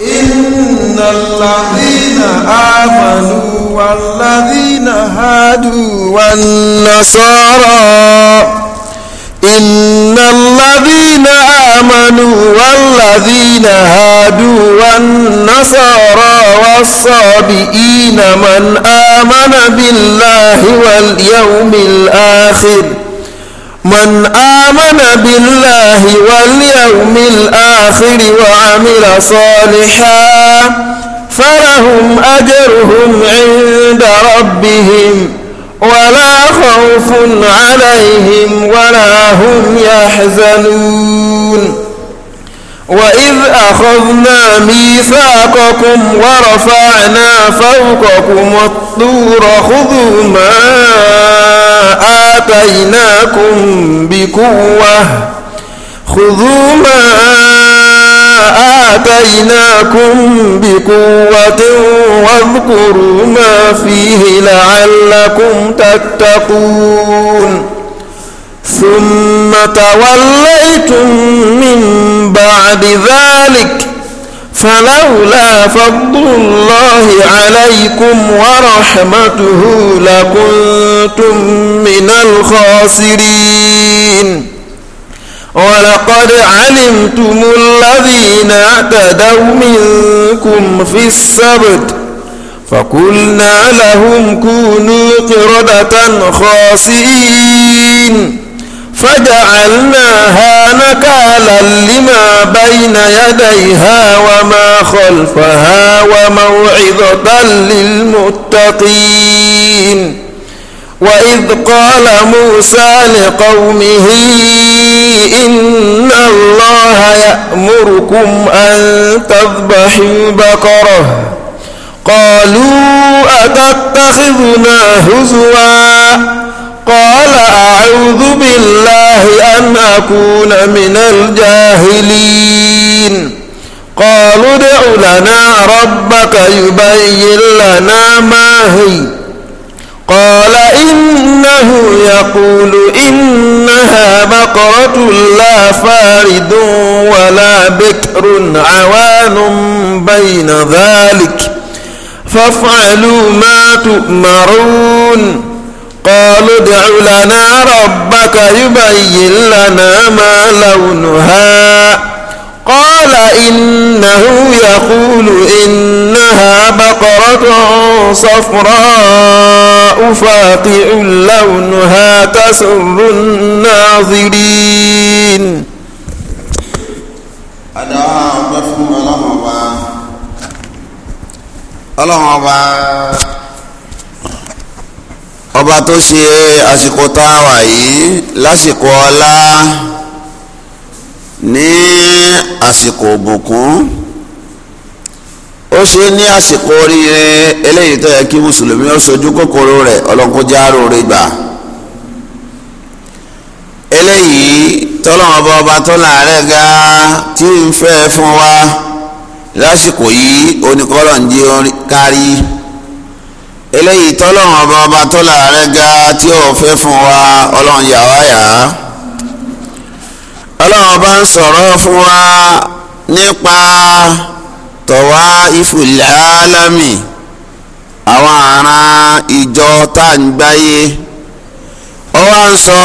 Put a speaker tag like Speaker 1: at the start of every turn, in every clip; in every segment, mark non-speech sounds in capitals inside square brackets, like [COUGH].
Speaker 1: إن الذين آمنوا والذين هادوا والنصارى إن الذين آمنوا والذين هادوا والنصارى والصابئين من آمن بالله واليوم الآخر من آمن بالله واليوم الآخر وعمل صالحا فلهم أجرهم عند ربهم ولا خوف عليهم ولا هم يحزنون وإذ أخذنا ميثاقكم ورفعنا فوقكم الطور خذوا ما آتيناكم بقوة خذوا ما آتيناكم بقوة واذكروا ما فيه لعلكم تتقون ثم توليتم من بعد ذلك فلولا فضل الله عليكم ورحمته لكنتم وكنتم من الخاسرين ولقد علمتم الذين اعتدوا منكم في السبت فقلنا لهم كونوا قردة خاسئين فجعلناها نكالا لما بين يديها وما خلفها وموعظة للمتقين وإذ قال موسى لقومه إن الله يأمركم أن تذبحوا بقرة قالوا أتتخذنا هزوا قال أعوذ بالله أن أكون من الجاهلين قالوا ادع لنا ربك يبين لنا ما هي قال إنه يقول إنها بقرة لا فارد ولا بكر عوان بين ذلك فافعلوا ما تؤمرون قالوا ادع لنا ربك يبين لنا ما لونها قال إنه يقول إنها بقرة صفراء فاقع لونها تسر الناظرين أدعى بفهم
Speaker 2: الله الله ọba tó ṣe àsìkò tá a wà yìí lásìkò ní àsìkò òbùkún ó ṣe ní àsìkò oríire eléyìí tó yẹ kí mùsùlùmí ó sojú kòkòrò rẹ̀ ọlọ́nkọjá rúre gbà eléyìí tọ́lọ́wọ́n bá ọba tó láàárẹ̀ ga tí n fẹ́ fún wa lásìkò yìí oníkọ́lọ̀ ń di kárí eléyìí tọ́lọ́wọ́n bá ọba tó láàárẹ̀ ga tí ó fẹ́ fún wa ọlọ́run yà wá ọlọ́run bá ń sọ̀rọ̀ fún wa nípa tọ̀wá ìfòlẹ̀ álámì àwọn àràn ìjọ tá à ń gbáyé ó wá ń sọ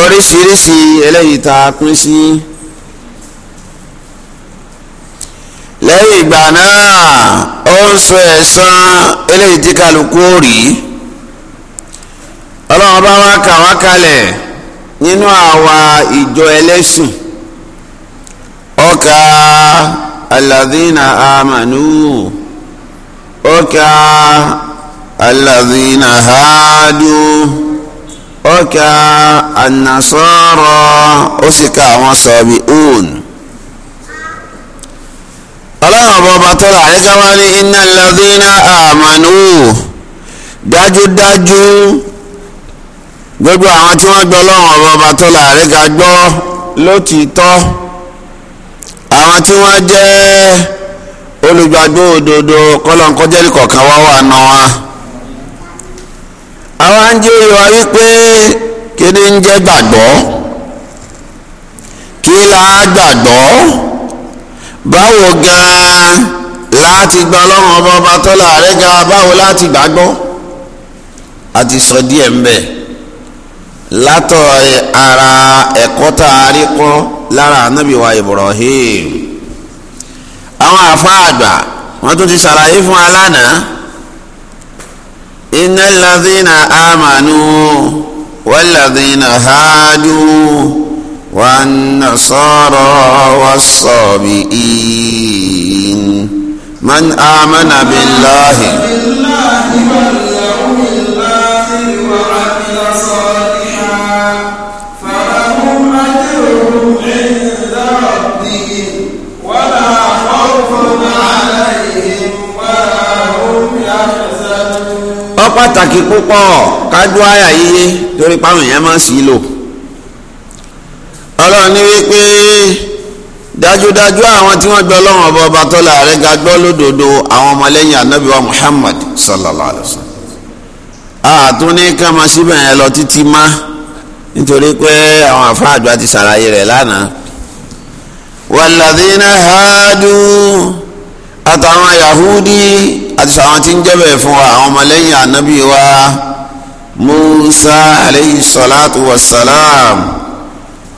Speaker 2: oríṣiríṣi eléyìí tá a pín sí lẹ́yìn ìgbà náà ó ń sọ ẹ̀san eléyìí tí kálukú rí ọlọ́run bá wá kà wá kalẹ̀ nínú àwa ìjọ ẹlẹ́sìn ọkà alàdínà àmànú ọkà alàdínà hádú ọkà ànàsọ́rọ̀ ó sì ka àwọn sọ̀bì òun ọlọ́run ọba ọba tó là ní wá ní iná alàdínà àmànú dájúdájú gbogbo àwọn tí wọ́n gbọ́ lọ́wọ́ ọba ọba tó láàrin ga gbọ́ lótìítọ́ àwọn tí wọ́n jẹ́ olùgbàgbọ́ òdodo kọ́lọ́nkọ́jẹ́ nìkọ̀ọ̀kan wá wà nù wọn. àwọn ń jẹ́ ìwà wípé kíni ń jẹ́ gbàgbọ́ kí la gbàgbọ́ báwo gan-an láti gbọ́ lọ́wọ́ ọba ọba tó láàrin ga báwo láti gbàgbọ́ àti sọ díẹ̀ ń bẹ́ẹ̀ látọ̀ ara ẹ̀kọ́ tá a rí kọ́ lára anabi wa ibrahim àwọn àfáàgbà wọ́n tún ti ṣàlàyé fún alánà innal ladhina amanu wal ladhina hadu wan nasara was-sabi'in man amana billahi. ọ pàtàkì púpọ̀ kájú àyà yíyé torí páwọn èèyàn máa sì lò ọlọ́run ní wípé dájúdájú àwọn tí wọ́n gbé ọlọ́run ọba ọba tọ́lá rẹ̀ ga gbọ́ lódodo àwọn ọmọlẹ́yìn anábìwá Muhammad sallallahu alayhi wa sallam àtún ní ká máa síbẹ̀ yẹn lọ títí má nítorí pé àwọn àfáàjọ àti sàlàyé rẹ̀ lánàá wàlàdínà hàádù àtàwọn yahudi àti sàwọn tí ń jẹ́ bẹ́ẹ̀ fún wa àwọn ọmọlẹ́yìn ànábì wa musa aleyhi salatu wa salam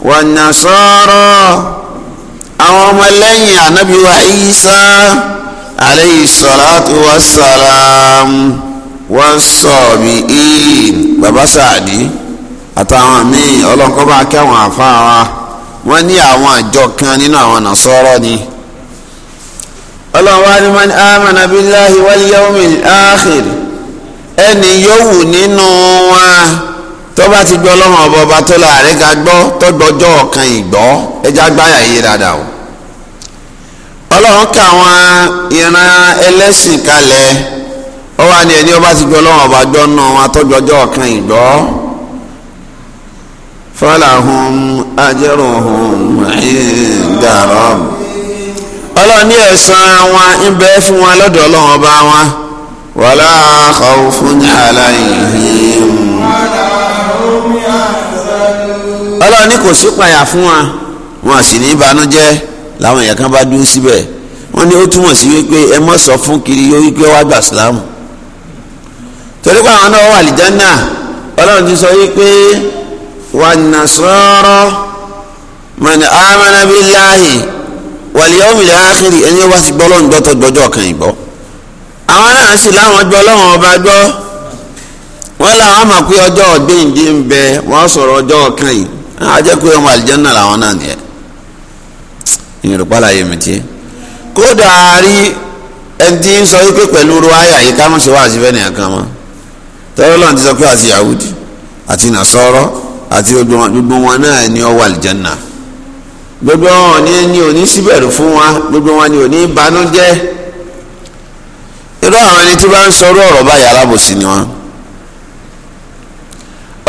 Speaker 2: wà nasara àwọn ọmọlẹ́yìn ànábì wa isa aleyhi salatu wa salam wà sọ̀bi ìn baba àtàwọn míì ọlọ́nkọ́ bá kí àwọn wọ́n ní àwọn àjọ kan nínú àwọn ni ọlọ́run wa ni man amana billahi wal yawmil akhir ẹni yòówù nínú wa tó bá ti gbọ́ ọlọ́run ọba ọba tó láàrin ga gbọ́ tó gbọ́jọ́ ọ̀kan ìgbọ́ ẹja gbáyà yé ọba ti ọlọ́run ọba gbọ́ nù wọn tó gbọ́jọ́ ọ̀kan falahum ajruhum inda rabb ọlọ́run ní ẹ̀san wọn ń bẹ fún wọn lọ́dọ̀ ọlọ́run ọba wọn wala khawfun alayhim ọlọ́run ní kò sí payà fún wọn wọn sì ní ìbànújẹ́ làwọn èèyàn kan bá dúró síbẹ̀ wọ́n ní ó túmọ̀ sí wípé ẹ mọ̀ sọ fún kiri yóò wípé wàá gbà sílámù torí pé àwọn náà wà lìjánná ọlọ́run ti sọ wípé. والنصارى من آمن بالله واليوم الآخر ẹni yóò bá ti gbọ́ lọ́nà gbọ́tọ̀ gbọ́jọ́ kan ìgbọ́ àwọn náà sì láwọn gbọ́ lọ́wọ́n ọba gbọ́ wọ́n làwọn mọ̀ pé ọjọ́ ọ̀gbìndín ń bẹ wọ́n sọ̀rọ̀ ọjọ́ kan yìí á jẹ́ pé ọmọ àlìjẹ́nà làwọn náà nìyẹn ìyẹn rògbà láyé mi tiẹ̀ kódà àárí ẹni tí ń sọ wípé pẹ̀lú ruwaya yìí ká mọ̀ ṣe wá àṣìfẹ́ nìyẹn kan mọ́ tọ́lọ́ àti gbogbo wọn náà ni ọ wà lìjánà gbogbo wọn ni ni òní síbẹ̀rù fún wa gbogbo wọn ni òní banújẹ́ irú àwọn ẹni tí wọ́n ń sọ̀rọ̀ ọ̀rọ̀ báyìí alábòsí ni wọ́n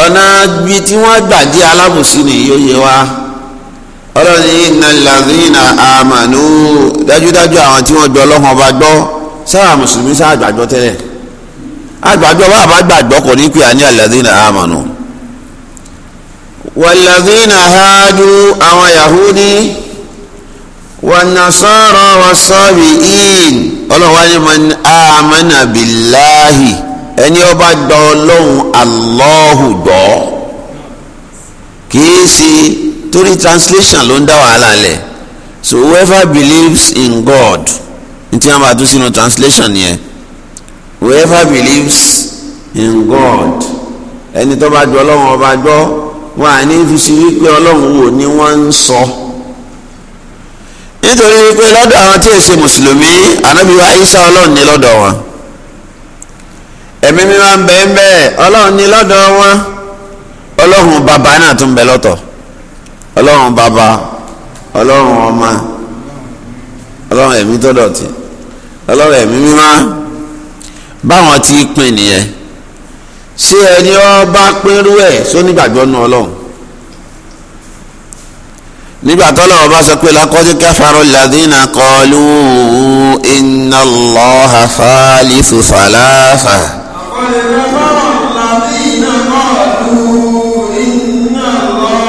Speaker 2: ọ̀nà bíi tí wọ́n gbà jẹ́ alábòsí ni yóò yé wa ọlọ́ni innal ladhina amanu dájúdájú àwọn tí wọ́n gbọ́ ọlọ́run ọba gbọ́ sáà mùsùlùmí sáà gbàgbọ́ tẹ́lẹ̀ àgbàgbọ́ bá àbá gbàgbọ́ kò ní pè á ní alladhina amanu wàlàdínà háàdù àwọn yahudi wànàsọ́rọ̀ wàsọ́ọ̀bì ìyìn ọlọ́wájú man amana billahi ẹni ọba gba ọlọ́run alọ́hù gbọ́ kìí ṣe torí translation ló ń dá wàhálà lẹ̀ so whoever believes in God n tí wọ́n bá tún sínú translation yẹn whoever believes in God ẹni tó bá gba ọba gbọ́. wọn à ní fi wípé ọlọ́run wò ni wọ́n ń sọ nítorí wípé lọ́dọ̀ àwọn tí èsè mùsùlùmí ànábi wa isa ọlọ́run ní lọ́dọ̀ wọn ẹ̀mí mi máa ń bẹ́ẹ̀ bẹ́ẹ̀ ọlọ́run ní lọ́dọ̀ wọn ọlọ́run bàbá náà ṣé ẹni ọba pínrú ẹ̀ só nígbàgbọ́ nù ọlọ́run nígbà tọ́lọ́wọ́ bá sọ pé lakọ́jú kẹfàrọ̀ ladina kọlu inna Allaha thalithu thalatha. lakọ́jú kẹfàrọ̀ ladina kọlu inna Allaha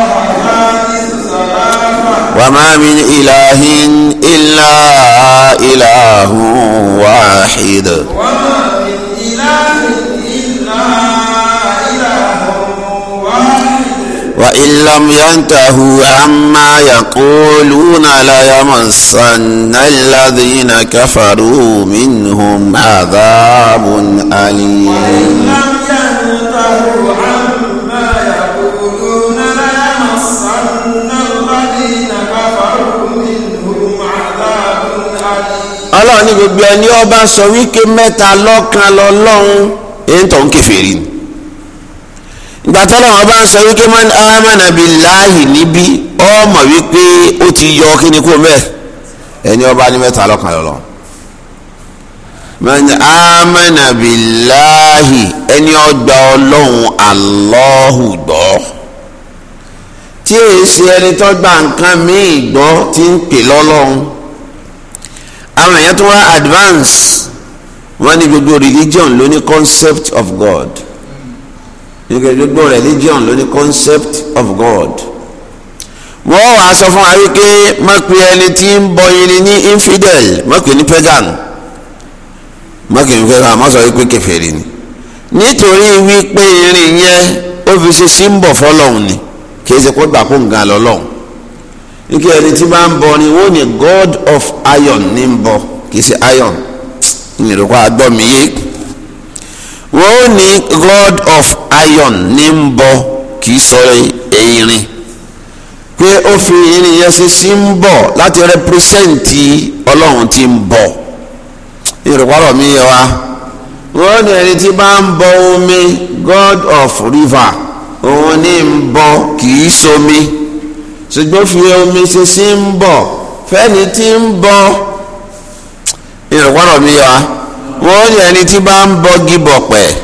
Speaker 2: إن لم ينتهوا عما يقولون ليمسن الذين كفروا منهم عذاب أليم وإن لم ينتهوا عما يقولون ليمسن الذين كفروا منهم عذاب أليم ọlọ́run ní gbogbo ẹni ọba sọ wípé mẹ́ta lọ́kan lọ́lọ́run èyí tó ń kèfèrí ni ìgbà tọ́lọ́ wọn bá ń sọ wípé man amana billahi níbí ọmọ wípé ó ti yọ kíni kó mẹ́ẹ̀ ẹni ọba ní mẹ́ta lọ́kàn lọ́lọ́ man amana billahi ẹni ọgbà ọlọ́run Allahu gbọ́ tí èyí ṣe ẹni tó gba nǹkan míì gbọ́ tí ń pè lọ́lọ́run àwọn èèyàn tó wá advance wọ́n ní gbogbo religion ló ní concept of God gbogbo religion ló ní concept of God wọ́n wàá sọ fún wa wípé má pe ẹni tí ń bọ irin ní infidel má pe ní pagan má pe ní pagan má sọ wípé kèfèrí ni nítorí wípé irin yẹn ó fi ṣe símbọ̀ fọlọ́hún ni kì í ṣe kó gbà kó nǹkan lọ́lọ́hún nígbà ẹni tí máa ń bọ ni wọ́n ní god of iron ní ń bọ kì í ṣe iron ìrìnkọ́ agbọ́mìyé wọ́n ní god of iron ní ń bọ kì í sọ irin pé ó fi irin yẹn ṣe sí ń bọ̀ láti rẹpírẹsẹ̀ǹtì ọlọ́run tí ń bọ̀ ìrùpárọ̀ mi yẹ wa wọ́n ní ẹni tí bá ń bọ omi god of river òun ní ń bọ kì í somi ṣùgbọ́n fi omi ṣe sí ń bọ̀ fẹ́ni tí ń bọ ìrùpárọ̀ mi yẹ wa wọ́n ní ẹni tí bá ń bọ gíbọ̀ pẹ̀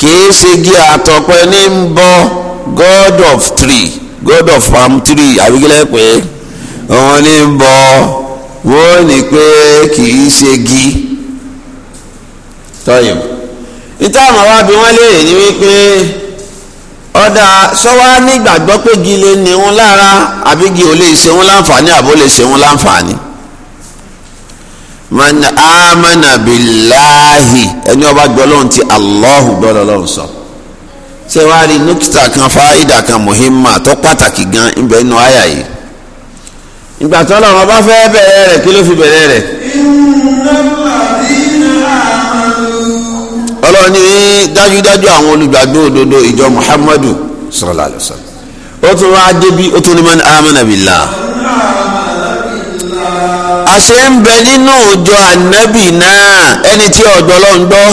Speaker 2: kìí ṣegi àtọ̀pẹ ní ń bọ god of tree god of palm tree àbíkílẹ̀ pé wọ́n ní ń bọ wọ́n ní pé kìí ṣegi tọ́yìn níta àwọn wa bí wọ́n léèrè ní wípé ọ̀dà sọ́wọ́ nígbàgbọ́ pé gile ni wọ́n lára àbí gi ò lè ṣe wọ́n láǹfààní àbó lè ṣe wọ́n láǹfààní man amana bilahi. ẹni ó bá ti allahu gbọ́dọ̀ lọ́hùn sọ. ṣé wàá rí nukita kan fáìdà kan muhimma tó pàtàkì gan ibẹ̀ nù àyà yìí. ìgbà tó lọ́wọ́ bá fẹ́ bẹ̀rẹ̀ rẹ̀ kí ló fi bẹ̀rẹ̀ rẹ̀. ọlọ́run ní dájúdájú àwọn olùgbàgbọ́ òdodo ìjọ muhammadu sallallahu alaihi wasallam. ó tún wá débi ó tún ní man amana billahi àṣẹ ń bẹ nínú ọjọ́ ànábì náà ẹni tí ọ̀dọ́ lọ́n gbọ́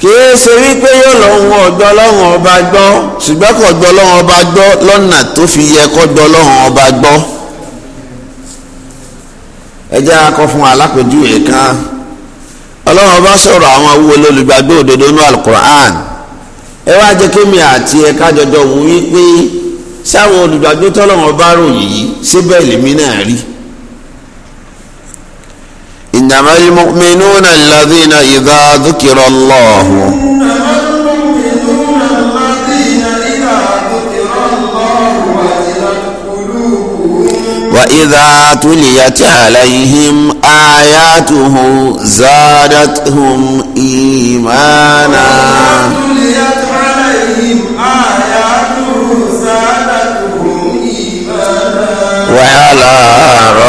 Speaker 2: kìí ṣe wípé yóò lọ́hùn ọ̀dọ́ lọ́hùn ọba gbọ́ ṣùgbọ́n kò gbọ́ lọ́hùn ọba gbọ́ lọ́nà tó fi yẹ kó gbọ́ lọ́hùn ọba gbọ́ ẹ akọ fún alápèjúwe kan ọlọ́run ọba sọ̀rọ̀ àwọn awúwo olùgbàgbọ́ òdodo ní alukur'an ẹ wá jẹ́ kí mi àti ẹ̀ka jọjọ wù wípé sáwọn olùgbàgbọ́ tọ́lọ́wọ́n bá ròyìn yìí síbẹ̀ lèmi náà rí إنما المؤمنون الذين إذا ذكر الله وإذا تليت عليهم آياته زادتهم إيمانا وعلى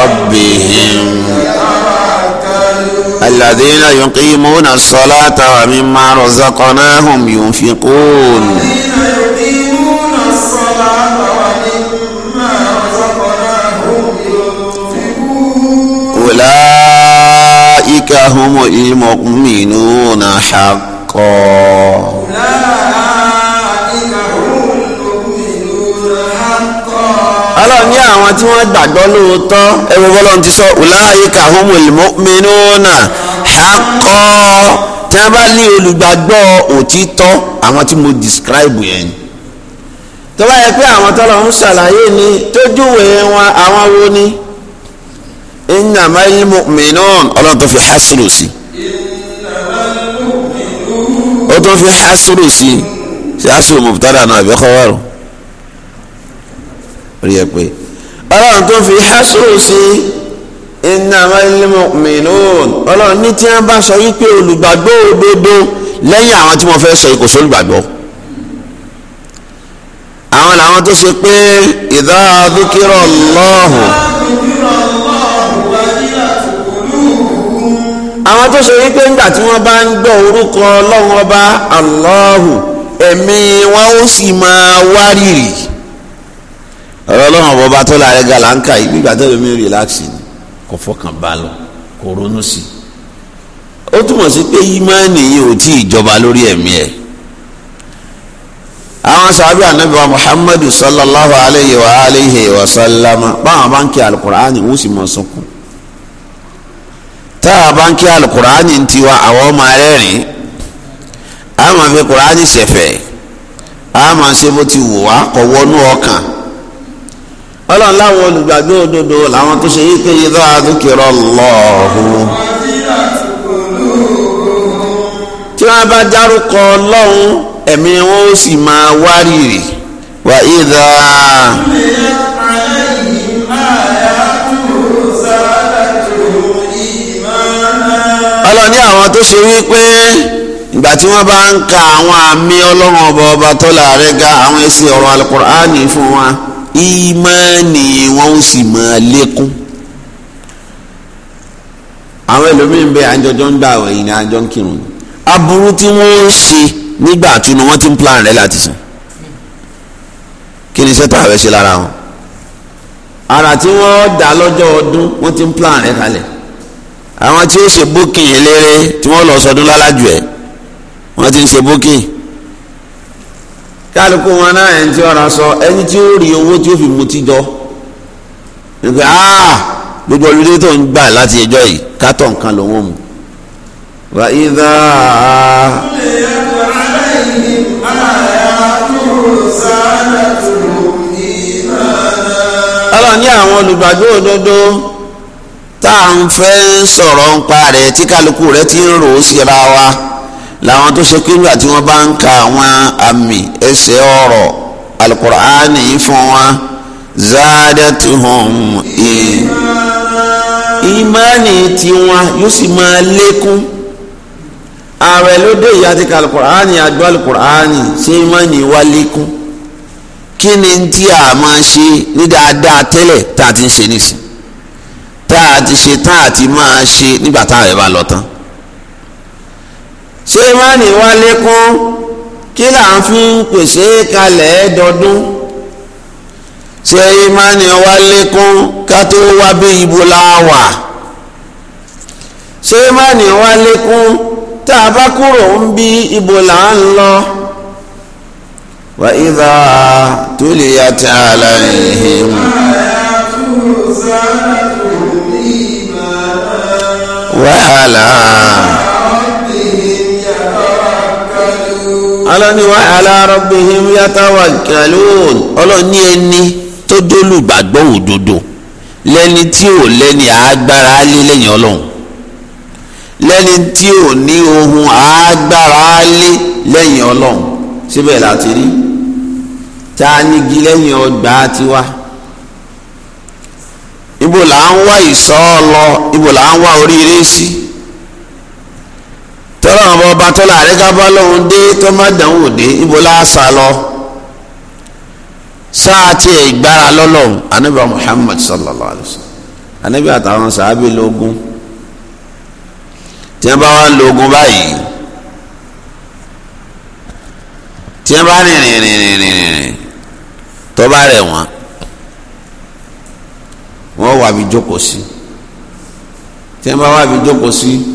Speaker 2: ربهم الذين يقيمون الصلاة ومما رزقناهم ينفقون أولئك هم المؤمنون حقا ọlọ́run ní àwọn tí wọ́n gbàgbọ́ lóòótọ́ ẹ̀rọ bọ́lọ́run ti sọ ulaika humul mu'minuna haqqo tí wọ́n bá ní olùgbàgbọ́ òtítọ́ àwọn tí mo describe yẹn tó bá yẹ pé àwọn tọ́lọ̀ ń ṣàlàyé ni tójúwe wọn àwọn wo ni innamal mu'minun ọlọ́run tó fi hásírò sí ó tó fi hásírò sí sí hásírò mubtada náà ìbẹ́kọ̀ rí ẹ pé ọlọ́run tó fi hásùrù sí innamal mu'minun ọlọ́run ní tí wọ́n bá sọ yí pé olùgbàgbọ́ òdodo lẹ́yìn àwọn tí wọ́n fẹ́ sọ yìí kò sí olùgbàgbọ́ àwọn làwọn tó ṣe pé idha dhukira Allahu àwọn tó ṣe yí pé nígbà tí wọ́n bá ń gbọ́ orúkọ ọlọ́run ọba Allahu ẹ̀mí wọn ó sì máa wárìrì. ọ̀rọ̀ ọlọ́run ọ̀bọ̀ bá tó láàrin gàlà ń yìí nígbà tó lómi rìláàksì ni kò fọkàn bá lọ kò ronú sí i ó túmọ̀ sí pé yìí ò tí ì jọba lórí ẹ̀mí ẹ̀ àwọn muhammadu sallallahu alayhi wa alayhi wa sallama báwọn bá ń kí alukur'ani wọ́n sì tá a bá ń kí alukur'ani tiwa àwọn ọmọ a ma kur'ani ṣẹ̀fẹ̀ a bó ti wù wá wọnú ọkàn. ọlọ́run láwọn olùgbàgbọ́ òdodo làwọn tó ṣe yí pé yí dáa dúkìrọ̀ lọ́ọ̀hún. tí wọ́n bá dárúkọ ọlọ́run ẹ̀mí wọn ó sì máa wárìrì wà yí dáa. ọlọ́run ní àwọn tó ṣe wí pé ìgbà tí wọ́n bá ń ka àwọn àmì ọlọ́run ọba ọba tó láàrẹ́ ga àwọn ẹsẹ̀ ọ̀rọ̀ alukur'ani fún wa ìmánì wọn ó sì máa lékún àwọn ẹlòmíín bẹ àjọjọ ń gbà wọ̀nyí ni àjọ ń kírun aburú tí wọ́n ń ṣe nígbà àtúnú wọ́n ti ń plan rẹ̀ láti sùn kí ni sẹ́tà rẹ̀ ṣe lára wọn ara tí wọ́n dá lọ́jọ́ ọdún wọ́n ti ń plan rẹ̀ kalẹ̀ àwọn tí ó ṣe bókìn eléré tí wọ́n lọ sọdún lálájú ẹ̀ wọ́n ti ń ṣe bókìn kálukú wọn náà ẹni tí ọ̀rọ̀ sọ ẹni tí ó rí owó tí ó fi mutí jọ nígbà áà ah, gbogbo olùdé tó ń gbà láti ẹjọ́ yìí kátó nǹkan lòún mu. wà á ìdá. ọlọ́run ní àwọn olùgbàgbọ́ òdodo tá à ń fẹ́ sọ̀rọ̀ ń pa rẹ̀ tí kálukú rẹ̀ ti ń rò ó síra wa làwọn tó ṣe pé nígbà tí wọ́n bá ń ka àwọn àmì ẹsẹ̀ ọ̀rọ̀ alukur'ani fún wọn zaadatuhum ìmánì tiwọn yóò sì máa lékún ààrẹ ló dé ìyá ti ka alukur'ani àgbọ̀ alukur'ani ṣé ìmánì wa lékún kí ni tí a máa ṣe ní dáadáa tẹ́lẹ̀ tá a ti ń ṣe nísìn tá a ti ṣe tá a ti máa ṣe nígbà tá a rẹ̀ bá lọ tán ṣé ìmánì wa lékún kí là ń fi pèsè kalẹ̀ ẹ̀ẹ́dọ́dún ṣé ìmánì wa lékún ká tó wá bí ibo la wà ṣé ìmánì wa lékún tá a bá kúrò ń bí ibo là ń lọ. وإذا تليت عليهم وعلى ọlọ́ni wa ala rabbihim yatawakkalun ọlọ́ni ẹni tó jólùgbàgbọ́ òdodo lẹ́ni tí ò lẹ́ni agbára lé lẹ́yìn ọlọ́run lẹ́ni tí ò ní ohun agbára lé lẹ́yìn ọlọ́run síbẹ̀ láti rí tá a nígi lẹ́yìn ọgbà tiwa ibo là ń wá ìsọ́ ọ lọ ibo là ń wá oríire sí. Si tọ́lá àwọn ọba tọ́lá rẹ̀ ká bá lóhun dé tó má dánwò dé ibo la sá lọ sáà tí ẹ gbára lọ́lọ́hun anábì Muhammad sallallahu alayhi wa sallam anábì àtàwọn sàábì lógún tí wọ́n bá wà lógún báyìí tí wọ́n bá rìn rìn rìn rìn rìn tó bá rẹ̀ wọ́n wọ́n wà bí jókòó sí tí wọ́n bá wà bí jókòó sí. Si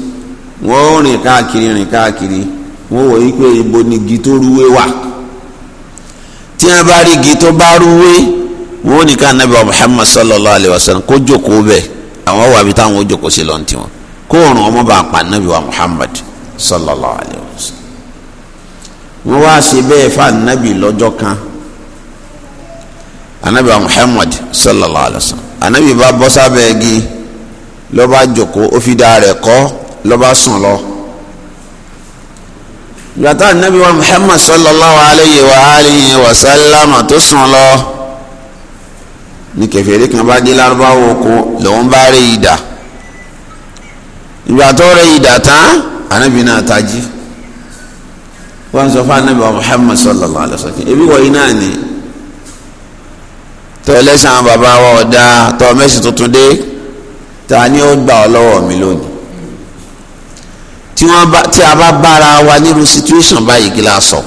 Speaker 2: wọ́n ó rìn káàkiri rìn káàkiri wọ́n wọ̀ yí pé ibo ni igi tó rúwé wà tí wọ́n bá rí igi tó bá rúwé wọ́n ní ká anabi wa muhammad sallallahu alayhi wa sallam kó jókòó bẹ́ẹ̀ àwọn wà bí táwọn ó jókòó sí lọ́ntì wọn kó òrùn ọmọ bá pa anabi wa muhammad sallallahu alayhi wa sallam wọ́n wá ṣe bẹ́ẹ̀ fún anabi lọ́jọ́ kan anabi wa muhammad sallallahu alayhi wa sallam anabi bá bọ́ sábẹ́ igi ló bá jókòó ó fi dáa rẹ̀ kọ́ lọ́ba sùn lọ. gbàtà nàbí wa muhammad sallallahu alayhi wa alihi wa sallam tó sùn lọ ní kẹfẹ́rẹ́ kan bá dé lárúbáwò kó lòun bá rí idà ìgbà tó rí idà tán anabi náà tají wọn sọ fún anabi wa muhammad sallallahu alayhi wa sallam ebi wọ iná ni tó ẹlẹ́sìn àwọn wa ọ̀dà tó mẹ́sì tuntun dé ta ni ó gbà ọ lọ́wọ́ mi lónìí tí wọ́n bá tí a bá bára wa nírú situation báyìí kí la sọ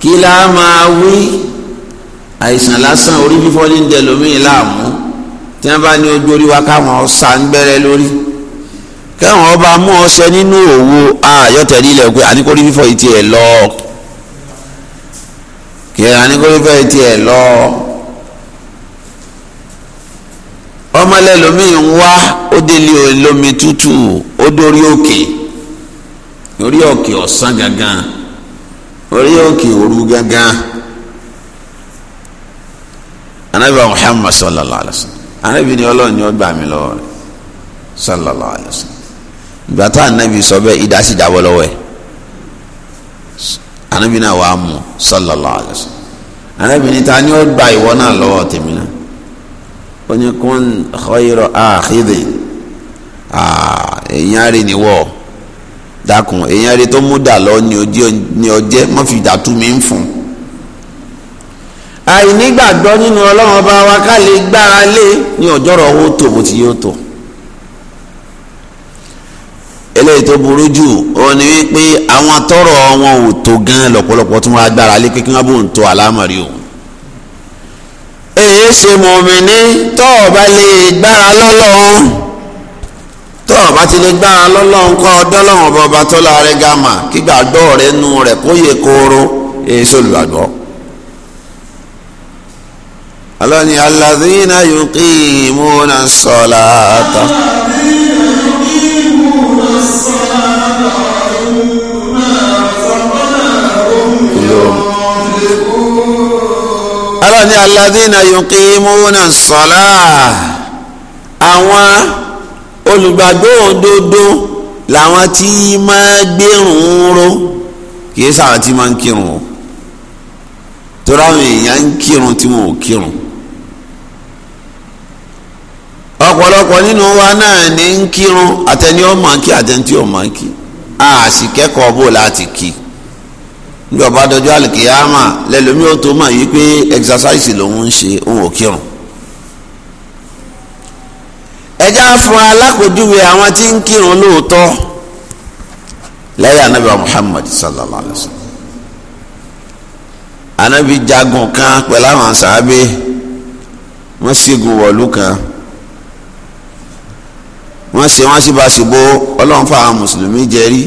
Speaker 2: kí la máa wí àìsàn lásán orí fífọ́ ní dẹlómìn láàmú tí wọ́n bá ní ojú orí wa káwọn sá ń bẹ̀rẹ̀ lórí káwọn ọba mú ọṣẹ nínú òwò àyọ̀tẹ̀rí ilẹ̀ pé àníkórí fífọ́ yìí tiẹ̀ lọ kí àníkórí fífọ́ yìí tiẹ̀ lọ. ọmọlẹ́lòmíì ń wá ó délé tutu tútù ó dórí òkè orí òkè ọ̀sán gangan orí òkè òru gangan anabi muhammad sallallahu alaihi wa sallam anabi ni ọlọ́run ni mi gbà mí lọ́wọ́ rẹ̀ sallallahu alaihi wa sallam ìgbà tá anabi sọ bẹ́ẹ̀ idà sì dáwọ́ lọ́wọ́ ẹ̀ anabi náà wàá mú sallallahu alaihi wa sallam
Speaker 1: anabi ni ta ni ó ìwọ náà lọ́wọ́
Speaker 2: tèmi oníkun khayro àkìdì èèyàn rí niwọ dákun èèyàn rí tó mú dà lọ ní ọjẹ má fi dàtú mi ń fún. àìnígbàgbọ́ nínú ọlọ́run ọba wa ká lè gbára lé ní ọjọ́rọ̀ owó tó bó ti yóò tó. eléyìí tó burú jù ó ní wípé àwọn tọrọ wọn ò gan lọ́pọ̀lọpọ̀ tí wọ́n á gbára lé pé kí wọ́n bò ń tó àlámọ̀rí èé ṣe mọ̀mìnì tó o bá lè gbára lọ́lọ́run tó o bá ti lè gbára lọ́lọ́run kọ́ ọdọ́lọ́run bọba tó láre gàmà kígbàgbọ́ rẹ nu rẹ kó yẹ kóró èé ṣolùgbàgbọ́. alọ́ni alladhina yuqimuna salata. alladhina yuqimuna salata. ọlọ́ni aládínà yuqimuna as-salah àwọn olùgbàgbọ́ òdodo làwọn tí máa gbẹ̀rùn ró kìí sáwọn tí máa ń kírun o torí àwọn èèyàn ń kírun tí wọn ò kírun ọ̀pọ̀lọpọ̀ nínú wa náà ní ń kírun àtẹni ọmọ kí àtẹni tí ọmọ kí a sì kẹ́kọ̀ọ́ láti kí ní ọba dọjọ́ àlìkìyàmà lẹ́lómi ó tó mọ̀ yìí pé exercise lòun ń ṣe òun ò kírun. ẹja fún alákòjúwe àwọn tí ń kírun lóòótọ́ lẹ́yìn anabi muhammad sallallahu alayhi wa sallam anabi jagun kan pẹ̀lú àwọn sàábé wọ́n ṣẹ́gun wọ̀lú kan wọ́n ṣe wọ́n ṣe bá ṣe bó ọlọ́run fún àwọn mùsùlùmí jẹ́rìí.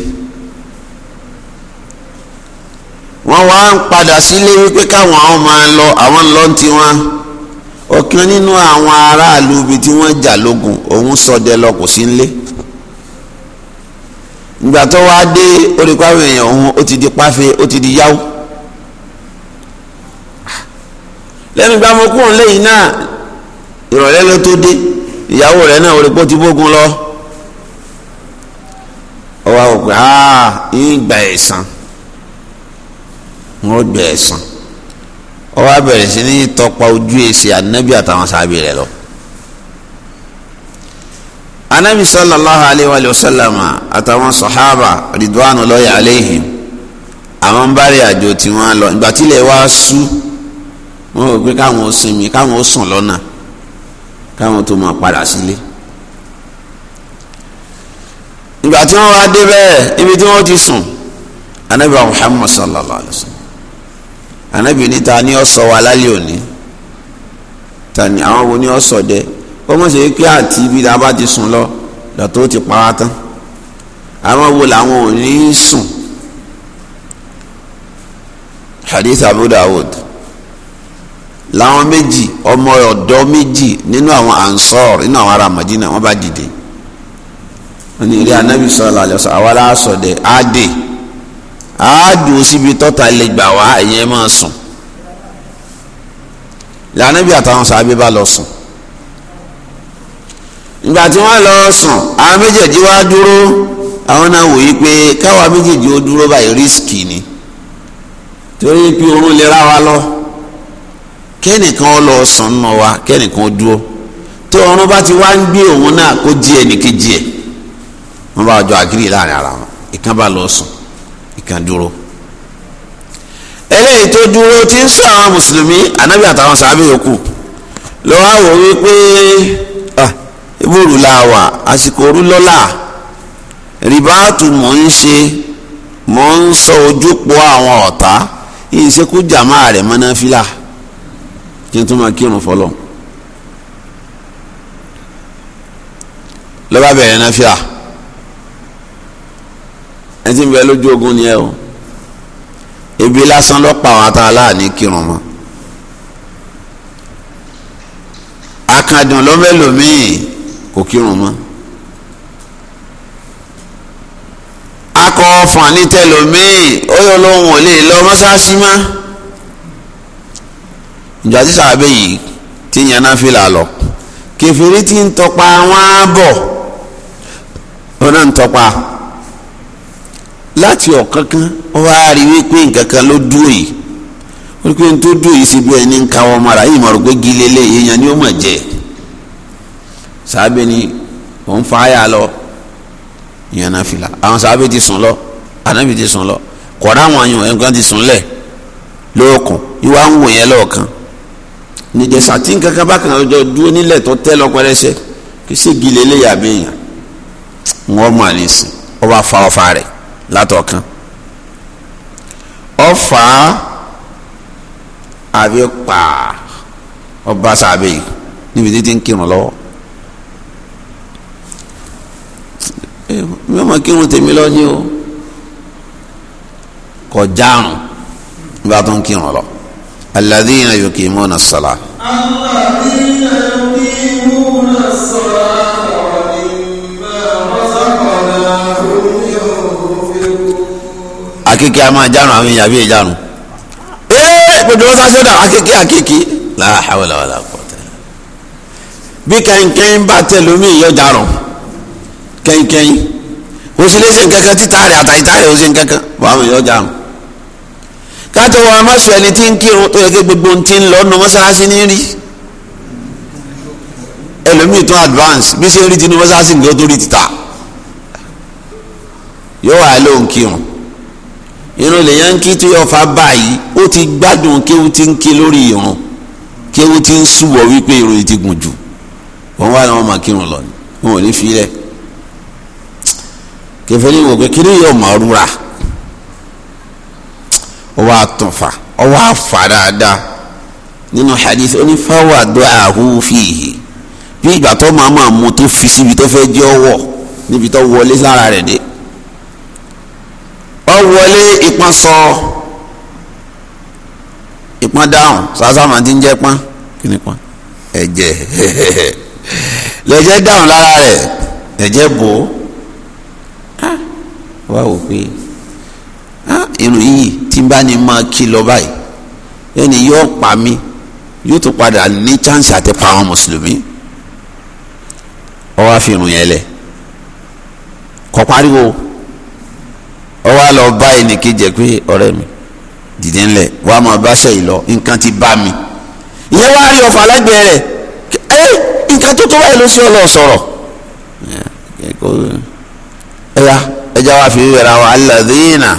Speaker 2: wọ́n wá ń padà sílé wípé káwọn àwọn máa lọ àwọn lọ ń tiwọn ọ̀kan nínú àwọn aráàlú ibi tí wọ́n jà lógun òun sọdẹ lọ kò sí nílé ìgbà tó wá dé oríkọ àwọn èèyàn òun ó ti di páfe ó ti di yáwó lẹ́nu gba mo kúrò lẹ́yìn náà ìrọ̀lẹ́ ló tó dé ìyàwó rẹ̀ náà oríkọ ti bógun lọ ọwọ́ àwọn òpè ah ìgbà ẹ̀san. E wọn gbẹ ẹ̀san ó wá bẹ̀rẹ̀ sí ní tọpa ojú ẹsẹ̀ anabi àtàwọn sábẹ rẹ̀ lọ. anabi sallallahu alayhi wa sallam àtàwọn sahaba ridwanu lọ́yà alayhim àwọn ń bárẹ̀ àjò tí wọ́n lọ ìgbà tí ilẹ̀ wá sú wọn ò pé káwọn ó sinmi káwọn ó sùn lọ́nà káwọn tó máa padà sílé. ìgbà tí wọ́n wá débẹ̀ ibi tí wọ́n ti sùn anabi muhammad sallallahu alayhi wa sallam anabi ní ta ni ọ sọ wa lálẹ́ òní ta ni àwọn wo ni ọ sọ dẹ ó mọ̀ sí pé àti ibi tá a bá ti sùn lọ lọ́tọ́ ti pa tán àwọn wo làwọn ò ní sùn hadith Abu Dawud làwọn méjì ọmọ ọ̀dọ́ méjì nínú àwọn ansor nínú àwọn ará Madina wọ́n bá dìde wọ́n ní eré anabi sallallahu alaihi wasallam àwa la sọ dẹ á dé. àádùn síbi tọ́ta lè gbà wá ìyẹn máa sùn lànàbí àtàwọn sàbí bá lọ sùn ìgbà tí wọ́n lọ sùn àwọn méjèèjì wá dúró àwọn náà wò yí pé káwa méjèèjì ó dúró báyìí rísìkì ni torí pé oorun lè ra wa lọ kẹ́nìkan ó lọ sùn nù wa kẹ́nìkan ó dúró tó oorun bá ti wá ń gbé òun náà kó di ẹnìkejì ẹ̀ wọ́n bá jọ àgírí láàrin ara wọn ìkan bá lọ sùn ìkan dúró eléyìí tó dúró tí ń sọ àwọn mùsùlùmí anábì àtàwọn sàábì yòókù lọ́wọ́ wò wípé ibùrù la wà àsìkò òru lọ́la rìbáàtù mò ń ṣe mò ń sọ ojúpọ̀ àwọn ọ̀tá ìṣekú jàmá rẹ̀ mọ́náfílà kí n tún máa kírun fọlọ́ lọ́ba bẹ̀rẹ̀ náfíà ẹni tí ń bẹ lójú ogun ni ẹ o ebi lásán ló pa àwọn ata aláàní kírun mọ́ akandùn lọ́mẹ́lòmíì kò kírun mọ́ akọ fani tẹlòmíì ó yọ lóhùn ò lè lọ ìjọ àti sàbẹ̀ yìí tí yẹn náà fi là lọ kẹfìrí tí ń tọpa wọn á bọ̀ ọ náà ń tọpa láti ọ̀kan kan wọ́n wá rí wípé nǹkan kan ló dúró yìí wọ́n pé tó dúró yìí síbi ẹni ń ka wọn mara yìí mọ̀rọ̀ pé gílé lé èèyàn ni ó mọ̀ jẹ́ sábẹ́ ni òun fa àyà lọ ìyẹn náà fìlà àwọn sábẹ́ ti sùn lọ ànábì ti sùn lọ kọ̀ọ̀dá àwọn àyàn ẹnìkan ti sùn lẹ̀ lóòkùn ìwà ń wò lọ́ọ̀kan nìjẹ́ sàtí nǹkan kan bá kan jọ dúró nílẹ̀ tó tẹ́ lọ pẹ́rẹ́sẹ̀ kì í sì gílé lé yàgbé èèyàn wọ́n mọ̀ àlè ọba fa ọ̀fà rẹ̀ látọ̀kan ọfà àbí pa ọba sàbẹ̀ yìí níbi títí ń kírun lọ́wọ́ mímọ kírun tèmi lọ ní o kọ járùn nígbà tó ń kírun lọ alladhina yuqimuna as-salah.
Speaker 1: alladhina yuqimuna as-salah.
Speaker 2: àkekèé a máa jarun àwọn èèyàn àbí ìjarun ee gbogbo wọn sáré sódà àkekèé àkekèé láhàwọlà wàlà kọtà bí kẹ́hìnkẹ́hìn bá tẹ̀ lómi ìyọjà rùn kẹ́hìnkẹ́hìn o sì lè ṣe nǹkankan títà rẹ̀ àtàyè táyà o ṣe nǹkankan wàá mọ̀ ìyọjà rùn kátó wọn a máa sọ ẹni tí ń kírun tó yẹ kí gbogbo ti ń lọ nu mọ́sálásí ní rí ẹlòmíì tún advance bí ṣe ń rí tinú mọ́sálásí nǹkan tó rí títà yóò wà lóhùn kírun irun lèyàn kí tí ọfà báyìí ó ti gbádùn kéwu ti ń ké lórí irun kéwu ti ń súwọ wípé irun ti gùn jù wọn wá láwọn máa kírun lọ ni wọn ò ní fi lẹ kẹfẹlẹ wò pé kiri yóò máa rúra ọwọ àtọfà ọwọ àfà dáadáa nínú hadith ó ní fáwọn àdó àhú fìhì bí ìgbà tó máa máa mú tó fi síbi tó fẹ́ jẹ́ ọwọ́ níbi tó wọlé lára rẹ̀ dé ọ wọlé ìpọn sọ ìpọn dáhùn sàásàmà ti ń jẹ pọn kí ni pọn ẹ̀jẹ̀ [LAUGHS] lẹ̀jẹ̀ dáhùn lára rẹ̀ ẹ̀jẹ̀ bò ó ah, wá wò pé ah, irun yìí tí bá ní máa kí lọ báyìí ẹni yóò pa mí yóò tún padà ní chance àti pa àwọn mùsùlùmí ó wá fi irun yẹn lẹ̀ kọ́ pariwo ọ wá lọ bá ẹnìkejì ẹ pé ọ̀rẹ́ mi dìde ńlẹ̀ wà á máa bá ṣe ìlọ nǹkan ti bá mi ìyẹn wá rí ọ̀fà lẹ́gbẹ̀ẹ́ rẹ̀ ẹ nǹkan tó tó báyìí ló ṣe ọlọ́ sọ̀rọ̀ ẹ ya ẹ fi wẹ̀rẹ̀ àwọn alladhina.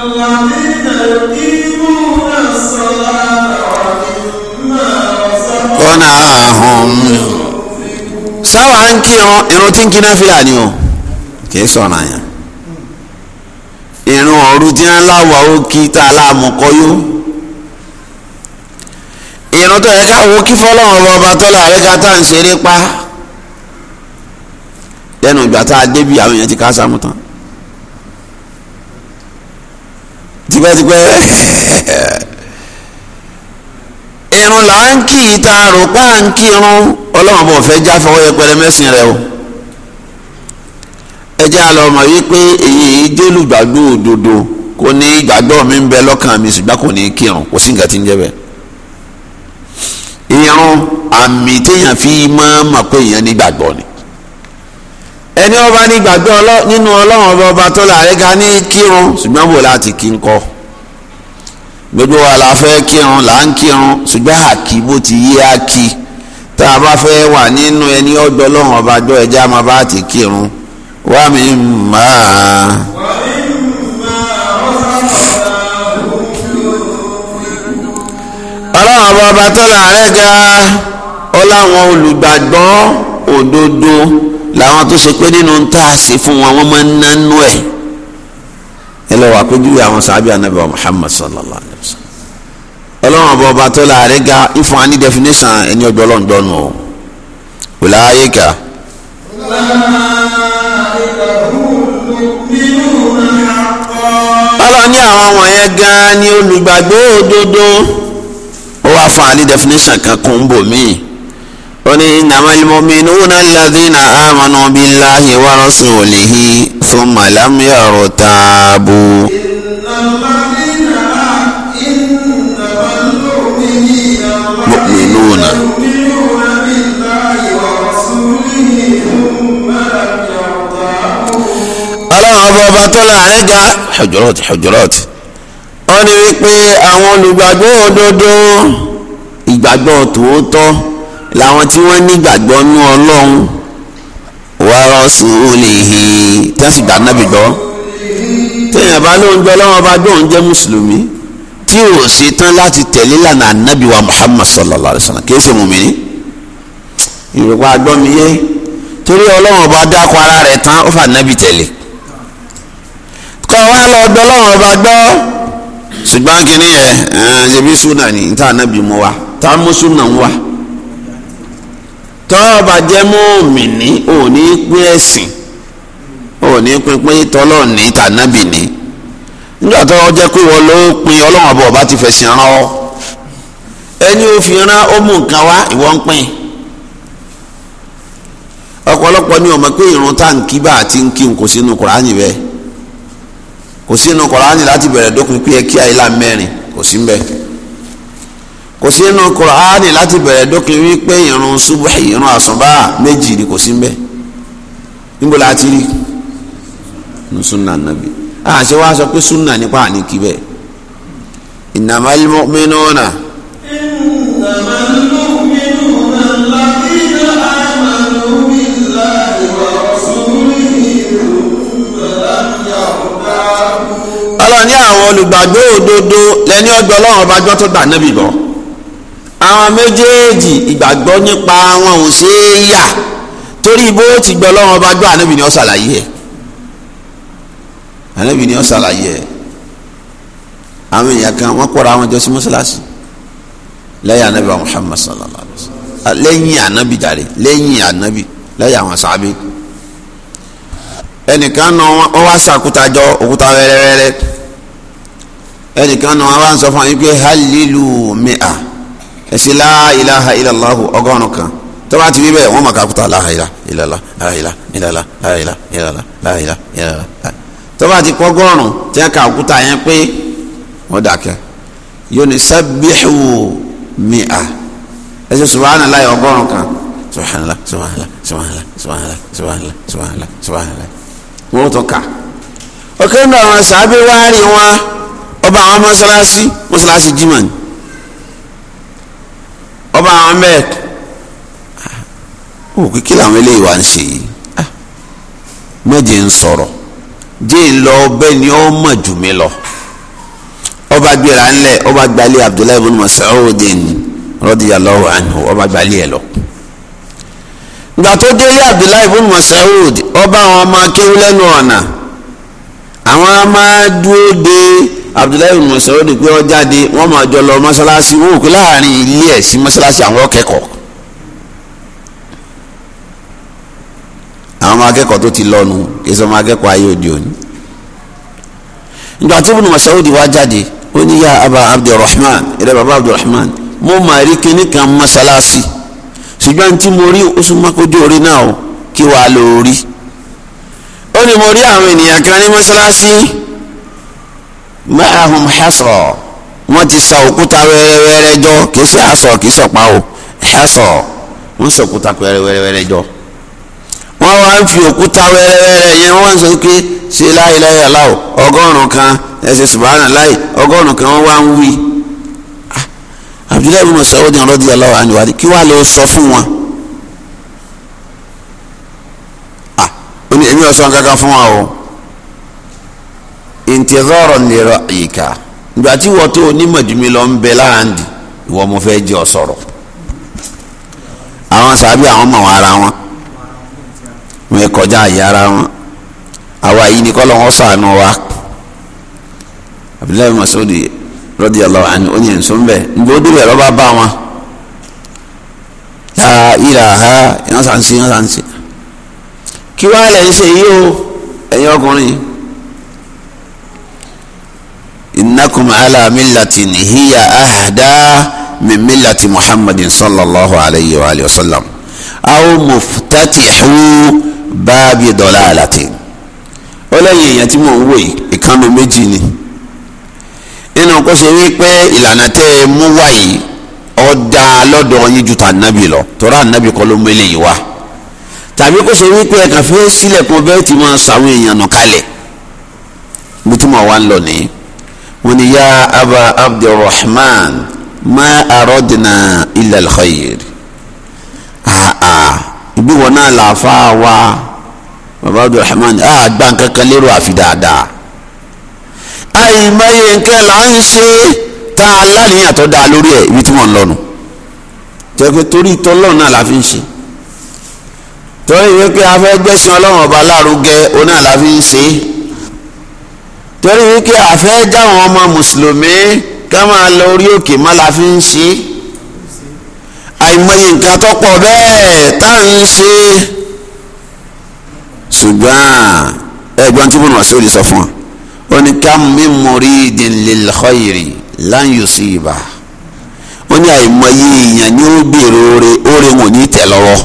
Speaker 2: alladhina yuqimuna sáwọn à ń kírun ẹ̀rọ tí ń kí náà fìlà ni o kì í sọ̀rọ̀ àyàn. irun ọ̀run tí wọ́n láwà ó kí tá a láàmú kọ́yó irun tó yẹ káwọ́ kí fọlọ́run ọba tọ́lá rẹ̀ ga tá à ń ṣeré pa lẹ́nu ìgbà tá a débi àwọn èèyàn ti ká sámú tán tipẹ́tipẹ́ irun [LAUGHS] là ń kí ìta pa ń ọlọ́run fẹ́ yẹpẹrẹ mẹ́sìn o. ẹjẹ́ àlọ́mọ wípé èyí ìjólùgbàgbọ́ òdodo kò ní ìgbàgbọ́ mi ń bẹ lọ́kàn mi ṣùgbọ́n kò ní kírun kò sí nǹkan tí ń jẹ́ bẹ́ẹ̀. ìrun àmì téèyàn fi máa mọ̀ pé èèyàn ní gbàgbọ́ ni. ẹni ọba ní gbàgbọ́ nínú ọlọ́run ọba ọba tó láàrẹ́ ga ní kírun ṣùgbọ́n wò láti kí ń kọ́. gbogbo wa la fẹ́ kírun là ń kírun ṣùgbọ́n àkí bó ti yé á tá a bá fẹ́ wà nínú ẹni ọgbọ́ ọlọ́run ọba jọ ẹja máa bá ti kírun wà mí mà á. ọlọ́run ọba ọba tó láàárẹ̀ ga ó láwọn olùgbàgbọ́ òdodo làwọn tó ṣe pé nínú ń tà sí fún wọn wọ́n máa ń nánú ẹ̀ ẹ lọ́wọ́ àpéjúwe àwọn sàábì ànábì Muhammad sallallahu alayhi wa sallam ọlọ́run ọba ọba tó láàárẹ̀ ga ìfọ̀n á ní definition ẹni ọjọ́ ọlọ́run gbọ́nù o wòlá ayé ọlọ́run ní àwọn wọ̀nyẹn gan-an ni olùgbàgbọ́ òdodo ó wá fún àlè definition kan kún bò míì ó ní innamal mu'minuna alladhina amanu billahi wa rasulihi thumma lam yartabu. ọlọ́run ọba tọ́lá ẹ̀ ga Hujurat Hujurat ó ní wípé àwọn olùgbàgbọ́ òdodo ìgbàgbọ́ tòótọ́ làwọn tí wọ́n ní gbàgbọ́ nú ọlọ́run wa rasulihi tí wọ́n sì gbà nábì gbọ́ téèyàn bá lóun gbọ́ lọ́wọ́ bá gbóhùn jẹ́ mùsùlùmí tí ò ṣe tán láti tẹ̀lé lànà ànábì wa Muhammad sallallahu alayhi wa sallam kì í ṣe mùmíní ìrọ̀pá gbọ́ mi yé torí ọlọ́run ọba dákọ̀ ara rẹ̀ tán ó fà nábì tẹ̀lé táwa lọ dọ́lọ́wọ́n ọba gbọ́. ṣùgbọ́n kínní ẹ̀ eh, ṣebí súnà ni níta anábì mọ́ wa tá a mú wa. tọ́ọ̀bà jẹ́ mọ́ọ̀mìnì òní pín ẹ̀sìn òní pín pín tọ́lọ́ọ̀nì tànábì ni. nígbà tó o jẹ́ pé wọ́n ló pin ti fẹ̀sìn ọ. ẹni rán nǹkan wá ìwọ ń pín ni ọmọ pé tá à ń kí bá àti ń kí n kò sínú kò sínú kọ̀ránì láti bẹ̀rẹ̀ dókun pé ẹ kí àyílá mẹ́rin kò sí mbẹ́ kò sínú kọ̀ránì láti bẹ̀rẹ̀ dókun wípé ìrun ṣubú ìrun àsùnbà méjì ni kò sí mbẹ́ níbo la ti rí sunna nabi àṣẹ wa sọ pé sunna nípa àníkí bẹ́ẹ̀ innamal mu'minuna. innamal ní àwọn olùgbàgbọ́ òdodo lẹni ọgbẹ Ọlọ́run ọba gbọ́ tó gbà nábì gbọ́ àwọn méjèèjì ìgbàgbọ́ nípa wọn ò yà torí bó ti gbọ́ Ọlọ́run ọba gbọ́ ànábì ni ó ṣàlàyé ẹ̀ ànábì ni ó ṣàlàyé ẹ̀ àwọn èèyàn kan wọ́n kóra àwọn jọ sí mọ́ṣáláṣí lẹ́yìn ànábì wa sallallahu alayhi wa sallam lẹ́yìn ànábì jàre lẹ́yìn ànábì lẹ́yìn àwọn sàábì ẹnìkan náà wọ́n wá ṣàkútajọ òkúta wẹ́rẹ́wẹ́rẹ́ ẹnìkan náà wá ń sọ fún yín pé halilu mi'a ẹsẹ la ilaha illallahu ọgọ́rùn kan tọ́ba ti wí bẹ́ẹ̀ wọ́n mọ̀ ká kúta láhàyílá ìlàlá láhàyílá ìlàlá láhàyílá ìlàlá láhàyílá ìlàlá tọ́ba ti kọ́ gọ́rùn tí wọ́n ká kúta yẹn pé wọ́n dàkẹ́ yóò ní sábìhù mi'a ẹsẹ subahana láyé ọgọ́rùn kan subahana subahana subahana subahana subahana subahana subahana wọ́n tó kà ọ̀kẹ́ ń wọn sábẹ́ wárí wọn ọba àwọn mọ́sálásí mọ́sálásí jimá ni ọba àwọn bẹ́ẹ̀ ah, ó kíkí làwọn eléyìí wá ń ṣe yìí ah, méje ń sọ̀rọ̀ jẹ́ ń lọ bẹ́ẹ̀ ni ó mọ̀ jù mí lọ ọba gbéra ńlẹ̀ ọba gbalẹ̀ Abdullahi ibn Mas'udin radiyallahu anhu ọba gbalẹ̀ ẹ̀ lọ gbà tó délé abdullahi ibn masoud ọba àwọn ọmọ akéwú lẹ́nu ọ̀nà àwọn máa dúró abdullahi musaud pé ó jáde wọ́n máa jọ lọ mọ́ṣáláṣí ó pé láàrin ilé ẹ̀ sí mọ́ṣáláṣí àwọn akẹ́kọ̀ọ́ àwọn akẹ́kọ̀ọ́ tó ti lọ́nu kì í sọ ọmọ akẹ́kọ̀ọ́ ayé òde òní ìgbà tí ibùdó masaudi wá jáde ó ní yá aba abdulrahman ìrẹ baba abdulrahman mo máa rí kíní kan masalasi ṣùgbọ́n tí mo rí oṣù makojú orí náà kí wàá lò ó rí ní mo rí àwọn ènìyàn kan ní masalasi máàhùn hasọ̀ wọ́n ti sa òkúta wẹ́rẹ́wẹ́rẹ́ jọ kìí ṣe asọ̀ kìí sọ̀pá o hasọ̀ wọ́n sọ òkúta wẹ́rẹ́wẹ́rẹ́ jọ wọ́n wá ń fi òkúta wẹ́rẹ́wẹ́rẹ́ yẹn wọ́n sọ pé ṣe láì láì aláwọ̀ ọgọ́rùn-ún kan ẹsẹ̀ subahana láì ọgọ́rùn-ún kan wọ́n wá ń wí. Ah, abdullahi musa ọdún ọ̀rọ̀ di aláwọ̀ àníwájú kí wàá lọ sọ fún wọn. Ah, ó ní èmi ọ̀sán kankan fún wa o. intidọ́rọ̀ lérò ìka ìgbà tí wọ́n tó onímọ̀dúnmí lọ ń bẹ láàndì ìwọ mo fẹ́ jẹ́ ọ sọ̀rọ̀ sabi sàbí àwọn ara wọn wọn kọjá àyè ara wọn awa yìí ni kọ́lọ́ wọn sànù wa Abdullahi Masudi radiyallahu anhu oyin nsọ́nbẹ̀ ǹjẹ́ ó débẹ̀ lọ́ba bá wọn la ilaha ìyànsá ń se ìyànsá ń o ẹ̀yin ọkùnrin innakum ala millatin hiya ahda min millati muhammadin sallallahu alayhi wa alihi wa sallam aw muftatihu baabi dalalatin ó lẹ́yìn èèyàn tí mò ń wò yìí ìkànnì méjì ni nínú kó ṣe wípé ìlànà tẹ́ ẹ mú wá yìí ó dá lọ́dọ̀ yín ju tànàbì lọ tọ́ra ànàbì kọ́ ló mú eléyìí wá tàbí kó ṣe wípé ẹ̀ka fẹ́ sílẹ̀ kan bẹ́ẹ̀ tí máa sàwọn èèyàn nù kalẹ̀ bí tí mo ń lọ nìyí wọ́n ní yá aba abdulrahman má arọ́dìnà illa alkhair àà ibi wọn náà làáfà wa baba abdulrahman àà gbà kankan lérò àfi dáadáa àìmọye nǹkan là ń ṣe tá a lánìyàn tó dáa lórí ẹ̀ ibi tí wọ́n ń lọ́nu jẹ́pẹ́ torí tọ́lọ́run náà la fi ń ṣe torí wípé afẹ́ gbẹ́sìn ọlọ́run ọba lárugẹ onáà la fi ń ṣe torí wípé àfẹ́ jáwọn ọmọ mùsùlùmí ká máa lọ orí òkè má la fi ń ṣe àìmọye nǹkan tó pọ̀ bẹ́ẹ̀ tá à ń ṣe ṣùgbọ́n ẹ̀gbọ́n tí bùnú àṣírí sọ fún ọ ó ní ká min muridin lil khayri lan yusiba ó ní àìmọye èèyàn ní ó gbèrò oore oore wọn ní tẹ̀ lọ́wọ́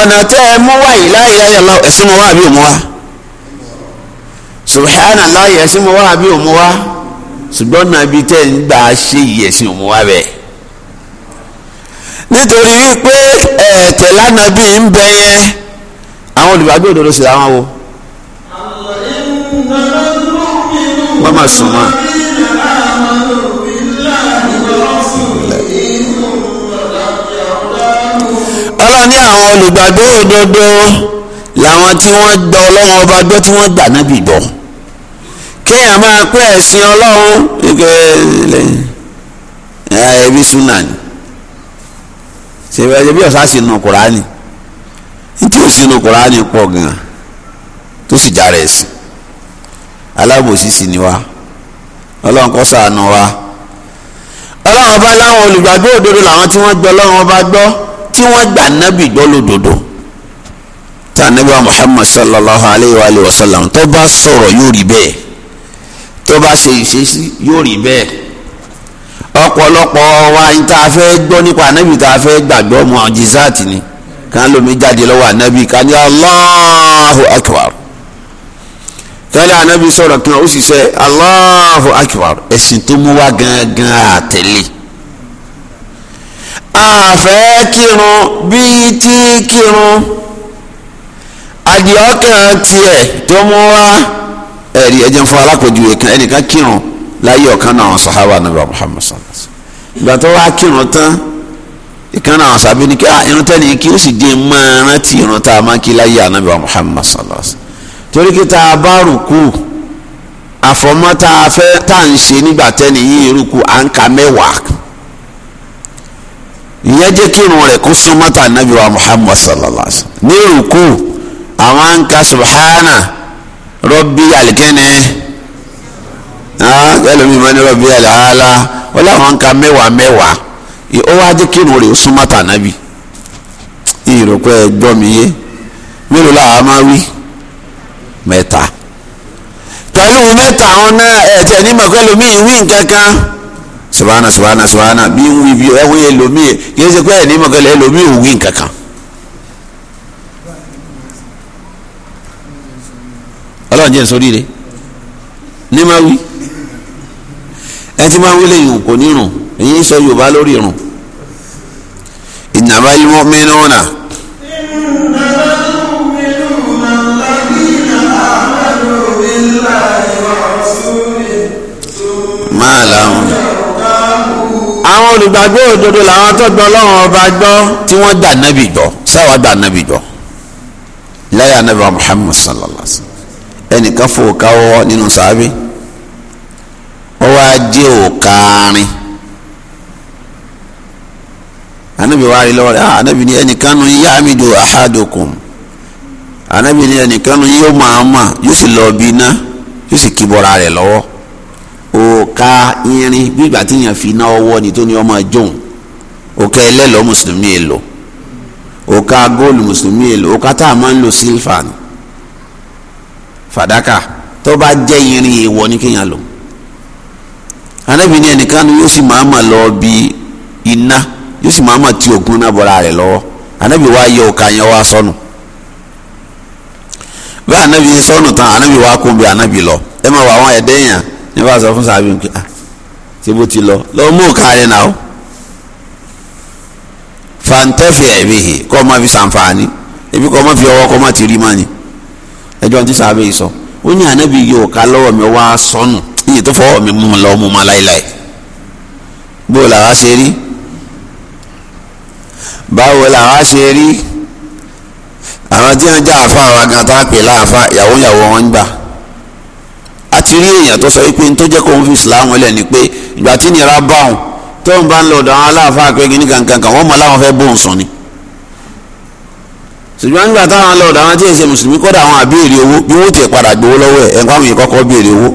Speaker 2: ọ̀nà tẹ́ ẹ mú wáyé la ilaha illallah ẹ̀sìn mọ́ wá àbí òmùwá. subhanallah ẹ̀sìn mo wá àbí òmu wá ṣùgbọ́n náà bíi ń gbà ṣe yìí omu wa bẹ́ẹ̀ nítorí pé ẹ̀ẹ̀tẹ̀ lánàá ń bẹ yẹn àwọn olùgbàgbé òdodo sì làwọn wo. wọ́n máa sùn mọ́. ọlọ́run ní àwọn olùgbàgbé òdodo làwọn tí wọ́n gbọ́ ọlọ́run ọba gbọ́ tí wọ́n gbà kéèyàn máa pé ẹ̀sìn ọlọ́run ike ẹbí súnà ni ṣèwéjẹ bí ọ̀sá sì nu kùránì nítorí ó sì nu kùránì pọ̀ gan-an tó sì jára ẹ̀sìn alábòsí sì ni wa ọlọ́run wa ọlọ́run ọba láwọn olùgbàgbọ́ òdodo làwọn tí wọ́n gbọ́ ọlọ́run ọba gbọ́ tí wọ́n gbà nábì gbọ́ lódodo tí sallallahu alayhi wa sallam tó bá sọ̀rọ̀ tó bá ṣe ìṣesí yóò rí bẹ́ẹ̀ ọ̀pọ̀lọpọ̀ wa tá a fẹ́ gbọ́ nípa ànábì tá a fẹ́ gbàgbọ́ mu'jizat ni kan lomi jáde lọ́wọ́ ànábì ká ní Allahu akbar tẹ́lẹ̀ ànábì sọ̀rọ̀ kan ó sì ṣe Allahu akbar ẹ̀sìn tó mú wá gangan àtẹ̀lé àfẹ́ kírun bíi tí kírun àdìọ́kàn tiẹ̀ tó mú wá. ẹ̀rí ẹ̀jẹ̀ ń fọ alákòjúwe kan ẹnìkan kírun láyé ọ̀kan náà àwọn sàhábà nàbà Muhammad sallallahu alayhi wa sallam ìgbà tó wá kírun tán ìkan náà àwọn sàbí ah, ni kí irun tẹ́ni kí ó sì jẹ́ máa rántí irun tá a máa kí láyé ànábì Muhammad sallallahu alayhi wa sallam torí kí tá a bá rùkú àfọmọ́ tá a fẹ́ tá à ń ṣe nígbà tẹ́ni yìí rùkú à ń ka mẹ́wàá ìyẹn jẹ́ kírun rẹ̀ kó súnmọ́ tá ànábì Muhammad sallallahu alayhi ní rùkú àwọn à ń ka subhana rọ́bí àlìkẹ́ni ẹlòmíì máa ní rọ́bí àlàálá ó láwọn ń ka mẹ́wàá mẹ́wàá ó wá jẹ́ kí irun rẹ̀ ó súnmọ́ tànàbì ìròpẹ́ gbọ́ mi yé mélòó làwọn máa wí mẹ́ta tọ́láwọn mẹ́ta àwọn náà ẹ̀jẹ̀ ní mọ̀kọ́ ẹlòmíì wí nǹkan kan subahana subahana subahana bí ń wí bí ẹ̀wọ̀n ẹlòmíì kì í ṣe pé ẹ̀ ní mọ̀kọ́ ẹlòmíì ò wí nǹkan kan. ọlọ́run jẹ́ sórí rẹ̀ ní máa wí ẹ ti máa wí lẹ́yìn kò ní rùn èyí sọ yorùbá lórí rùn innamal mu'minuna. máa làwọn. àwọn olùgbàgbọ́ òdodo làwọn tó gbọ́ ọlọ́run ọba gbọ́ tí wọ́n gbà nábì gbọ́ sáwọn gbà nábì gbọ́ láyà nábì wa muhammad sallallahu alaihi wa sallam ẹnìkan fò káwọ́ nínú sàábì ó wá jẹ́ òkaarin anabi wa rí lọ́wọ́ rẹ̀ anabi ah, ní ẹnìkan nu yá mi do ahadukum anabi ní ẹnìkan nu yóò máa mà yóò sì lọ bí iná yóò sì kíbọra rẹ̀ lọ́wọ́ òka irin bí ìgbà tí yẹn fi iná ọwọ́ ni tó ní ọmọ john òka ẹlẹ́lọ́ mùsùlùmí èlò òka góòlù mùsùlùmí èlò òka tá a máa ń lo sílfà ni fàdákà tó bá jẹ́ irin èèwọ̀ ní kéèyàn lò anábì ní ẹnìkan ni yóò sì máa mà lọ bí iná yóò sì máa mà ti ògùn náà bọ́ra rẹ̀ lọ́wọ́ anábì wa yọ ọ̀ka yẹn wá sọnù bẹ́ẹ̀ anábì yẹn sọnù tán anábì wa kún bí anábì lọ ẹ máa wọ àwọn ẹ̀dẹ́ yẹn ní bá a sọ fún sàbí nǹkan ah ṣé bó ti lọ lọ mú ọ̀ka rẹ̀ náà fàǹtẹ́fì ẹ̀ bìhì kọ́ ọ ma fi sàǹfààní ebi kọ́ ọ ma fi ọwọ́ kọ́ ọ ma ti rí mọ́ni ẹjọ́ ní sábẹ́ sọ ó ní ànábì yìí ò ká lọ́wọ́ mi wá sọnù iye tó fọwọ́ mi mú lọ́wọ́ mú ma láéláé bó làwa ṣe rí báwo làwa ṣe rí àwọn tí wọn jẹ àfa àwa gan tá a pè láàfa ìyàwó ìyàwó wọn ń gbà a ti rí èèyàn tó sọ pé n tó jẹ́ kó ń fi ìsìláàmù lẹ̀ ni pé ìgbà tí nira bá òun tó ń bá ń lọ ọ̀dọ̀ àwọn aláàfáà pé kíní kankan kan wọ́n mọ̀ láwọn fẹ́ bóun sùn ni ṣùgbọ́n nígbà táwọn lọ́ọ̀dọ̀ àwọn tí èsè mùsùlùmí kọ́dà àwọn àbíèrè owó bí wọ́n ti padà gbowó lọ́wọ́ ẹ̀ ẹ̀kọ́ àwọn yìí kọ́kọ́ béèrè owó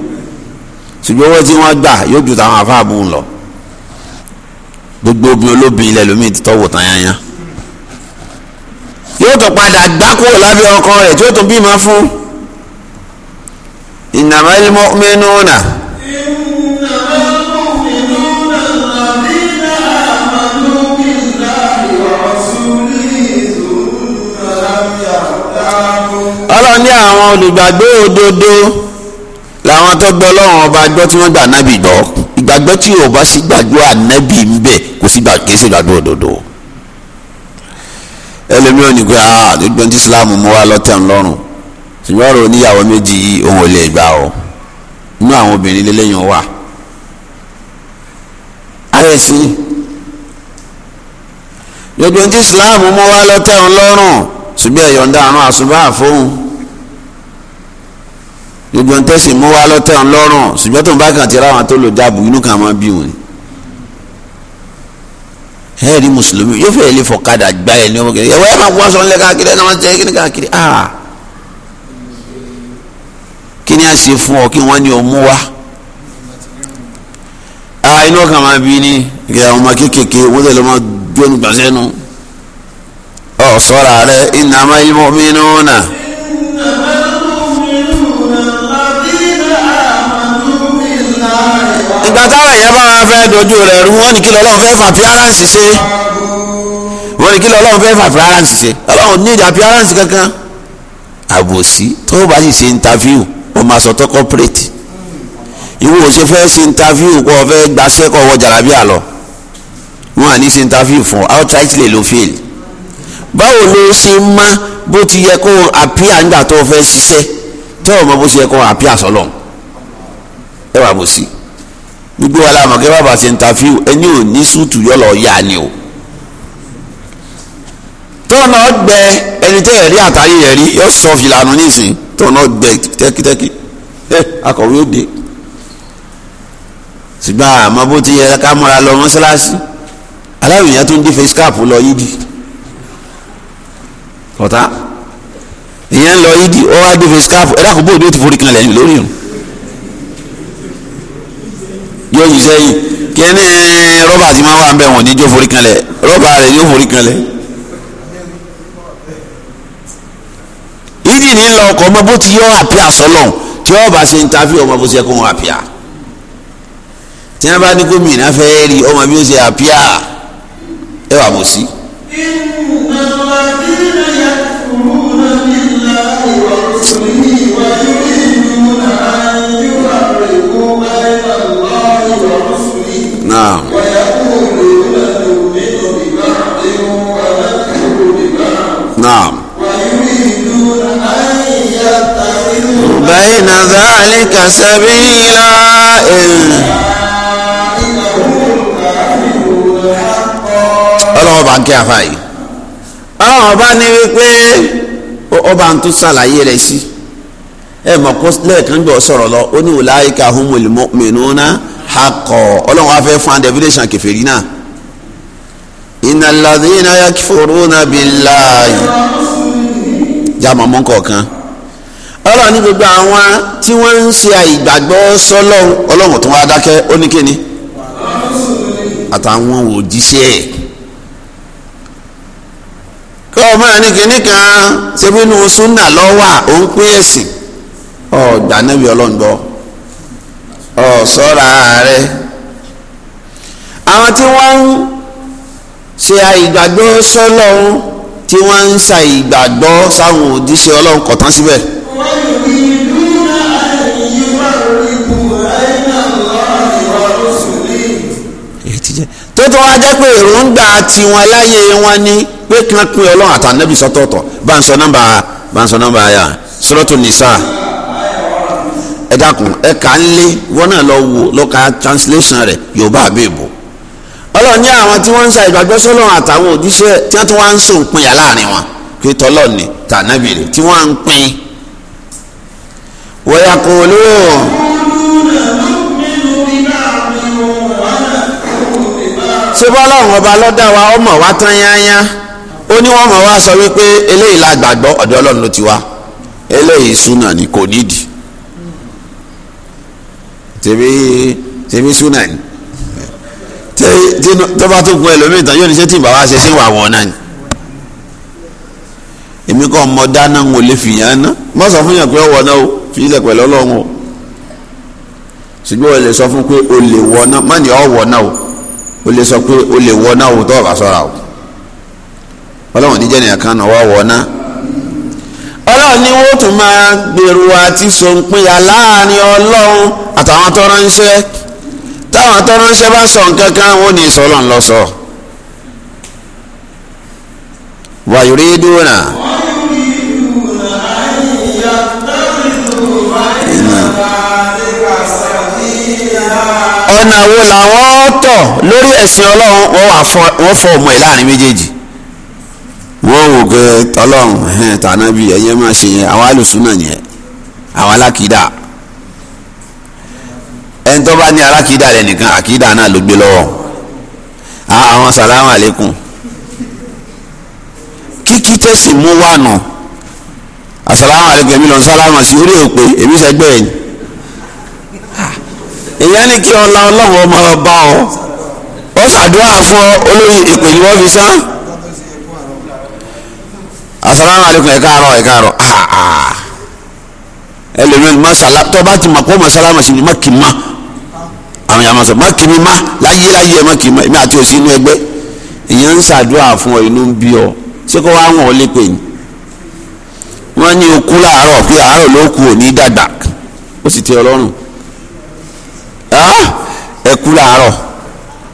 Speaker 2: ṣùgbọ́n owó tí wọ́n gbà yóò ju tàwọn afáàbù ń lọ gbogbo obìnrin olóbìnrin ilẹ̀ lómi ti tọ́wọ́ tanyanya yóò tún padà gbá kúrò lábẹ́ ọkọ rẹ̀ tí ó tún bímọ fún innamal mu'minuna ní àwọn olùgbàgbọ́ òdodo làwọn tó gbọ́ lọ́wọ́n ọba gbọ́ tí wọ́n gbà nábì gbọ́ ìgbàgbọ́ tí ò bá sí gbàgbọ́ ànábì ń bẹ kò sí gbàgbọ́ òdodo ẹlẹ́mi ò ní pé ah nígbà tí islam mú wa lọ́tẹ̀ ńlọ́rùn ṣùgbọ́n ọ̀rọ̀ oníyàwó méjì yìí òun ò lè gbà ọ́ inú àwọn obìnrin lélẹ́yìn wà ààrẹ sí nígbà tí islam mú wa lọ́tẹ̀ ńlọ́rùn ṣùgbọ́n ẹ̀yọ̀ǹda àrùn àṣùbà fóun gbogbo ń tẹ́sí mú wá lọ́tẹ̀ ń lọ́rùn ṣùgbọ́n tó ń bá kàn ti ráwọn tó lò jáàbù inú kan máa bí wọn. ẹ rí mùsùlùmí yóò fẹ́ ilé fọ̀kadà gbá ẹ̀ ní ọmọ kìnìún ẹ̀wọ́ ẹ̀ máa wọ́n sọ nílẹ̀ káàkiri ẹ̀ máa tẹ́ kíni káàkiri ah kí ni a ṣe fún ọ kí wọ́n ní o mú wá. ah inú kan máa bí ni ìgbà àwọn ọmọ kéékèèké wọ́n tẹ̀lé ọmọ gbónú gbàsẹ́nu ọ̀ ìgbà táwọn èèyàn bá wàá fẹ́ dojú rẹ̀ rú wọ́n ní kí lọ́lọ́run fẹ́ fà appearance ṣe wọ́n ní kí lọ́lọ́run fẹ́ fà appearance ṣe ọlọ́run ní ìdí appearance kankan àbòsí tó bá sì ṣe interview wọ́n máa sọ tó corporate ìwọ ò ṣe fẹ́ ṣe interview kó o fẹ́ gbaṣẹ́ kó o wọ jàlábíà lọ wọn à ní ṣe interview fún ọ outrightly ló fail báwo ló ṣe má bó ti yẹ kó o appear nígbà tó o fẹ́ ṣiṣẹ́ tó o mọ bó ṣe yẹ kó o appear sọlọ́run ẹ wà bó sí i gbogbo wa la mọ̀ kí bàbá ṣe interview ẹni ò ní sùtù yọlọ yá ni o tọ́nà gbẹ ẹni tẹ́ ẹ̀ rí àtàyè ẹ̀ rí yọ sọ fìlànà nísìn tọ́nà gbẹ tẹ́kítẹ́kí ẹ akọ̀wé òde ṣùgbọ́n àmọ́ bó ti yẹ ká múra lọ mọ́ṣáláṣí aláwìn yẹn tó ń dé face cap lọ yìí di ọ̀tá ìyẹn lọ yìí di ó wá dé face cap ẹ dákun bóde ó ti forí kan lẹ́yìn lórí irun yóò yí sẹ́yìn kíni eh, rọ́bà tí máa wà ń bẹ̀ wọ́n ní jó forí kanlẹ̀ rọ́bà rẹ̀ yóò forí kanlẹ̀. ìdí ni ńlọ ọkọ̀ ọmọ bó ti yọ àpíà sọ́lọ̀ tí wọ́n bá ṣe ń tafi ọmọ bó ṣe kó wọn àpíà tí wọ́n bá ní gómìnà fẹ́ rí ọmọ bí ó ṣe àpíà ẹ wà mọ̀ sí. ìmùmọ̀ ọ̀rọ̀ ìdílé yàtọ̀. نعم ويقول بين ذلك سبيلا ọlọ́wọ́ bá ń kí afa yìí ọlọ́wọ́ bá ní wípé ọba ń tún ṣàlàyé rẹ̀ sí ẹ̀ mọ̀ kó lẹ́ẹ̀kan gbọ́ sọ̀rọ̀ lọ ó ní Ha ọlọ́run wá fẹ́ fún definition kẹfẹ́rí náà innal ladhina yakfuruna billahi jáàmù ọmọ kọ̀ọ̀kan ọlọ́run ní gbogbo àwọn tí wọ́n ń ṣe àìgbàgbọ́ sọ́lọ́run ọlọ́run tó wá dákẹ́ A ní kíni àtàwọn òjíṣẹ́ ẹ̀ kọ́ ọ máa ní kíní kan ṣe bínú sunna lọ́wọ́ à ó ń pín ẹ̀sìn ọlọ́run gbọ́. ọ̀sọ́ra rẹ̀ àwọn tí wọ́n ń ṣe àìgbàgbọ́ sọ́lọ́run tí wọ́n ń ṣe àìgbàgbọ́ sáwọn òjíṣẹ́ ọlọ́run kọ̀tán síbẹ̀. tó tó wá jẹ́ pé èròǹgbà tiwọn láyé wọn ni pé kí wọ́n pín ọlọ́run àtànẹ́bí sọ́tọ̀ọ̀tọ̀ bá ń sọ nọ́mbà bá ń sọ nọ́mbà yà Suratu Nisa ẹ dákun ẹ kà ń lé wọn náà lọ wo lọ́ka translation rẹ̀ yorùbá àbí ìbò ọlọ́run ní àwọn tí wọ́n ń sa ìgbàgbọ́ sọ́lọ́run àtàwọn òjíṣẹ́ tí wọ́n tún wá ń so ìpínyà láàrin wọn pé tọ́lọ́ọ̀nì tànàbìrì tí wọ́n ń pín wọ́yà kò lóò. ṣé bọ́lọ́run ọba lọ́dà wa ọmọ wa tán yányá ó ní wọ́n mọ̀ wá sọ wípé eléyìí la gbàgbọ́ ọ̀dọ̀ ọlọ́run ló ti wá eléyìí súnà ni kò nídìí tèmi tèmi súnà ni tọ́ba tó kun ẹlòmíì tán yóò ní ṣe tí bàbá ṣe ṣe wà wọ́n náà ni èmi kàn mọ dáná ń wọlé fìyàn ná má sọ fún yàn pé ọwọ́ náà o fi ilẹ̀ pẹ̀lú ọlọ́run o ṣùgbọ́n o lè sọ fún pé o lè wọ náà má ní ọwọ́ náà o o lè sọ pé o lè wọ náà o tọ́ ọ̀bà sọ́ra o ọlọ́run níjẹ́ nìyẹn kan náà wọ́ wọ náà ọlọ́run ni wọ́n tún máa gbèrò àti sòǹpinya láàrin ọlọ́run àtàwọn tó ránṣẹ́ táwọn tó ránṣẹ́ bá sọ nǹkan kan wọ́n ní sọ ọlọ́run lọ sọ. wàyúrí dúnà. ọ̀nà wo làwọn tọ̀ lórí ẹ̀sìn ọlọ́run wọ́n fọ ọmọ ẹ̀ láàrin méjèèjì wọ́n wò pé tọ́lọ́run ẹ̀hìn tànábì ẹ̀yẹ́ máa ṣe yẹn àwọn alùsùnà yẹn àwọn alákìdá ẹni tó bá ní alákìdá rẹ̀ nìkan àkìdá náà ló gbé lọ́wọ́ àwọn sàlámù àlékún kíkí tó sì mú wà nù àsàlámù àlékún èmi lọ ń sálámù sí orí òpè èmi sẹgbẹ́ ẹ̀ èyàn ní kí ọlá ọlọ́run ọba ọ ó ṣàdúrà fún ọ olórí èpè ni wọ́n fi sá asalaamualeykum ẹ káàárọ̀ ẹ káàárọ̀ aa ah, ah. ẹlòmíràn masala tọba ti ma kó masalama sí ni má kì í ma àwọn yàrá sọ má kì í ma láyé láyé má kì í ma èmi àti òsì inú ẹgbẹ́ èèyàn ń ṣàdúrà fún ọ inú ń bí ọ ṣé kó wá wọn ò lè pè ní wọn ní okú làárọ̀ pé àárọ̀ ló kù ò dàgbà ó sì tẹ́ Ọlọ́run ah, ẹ kú làárọ̀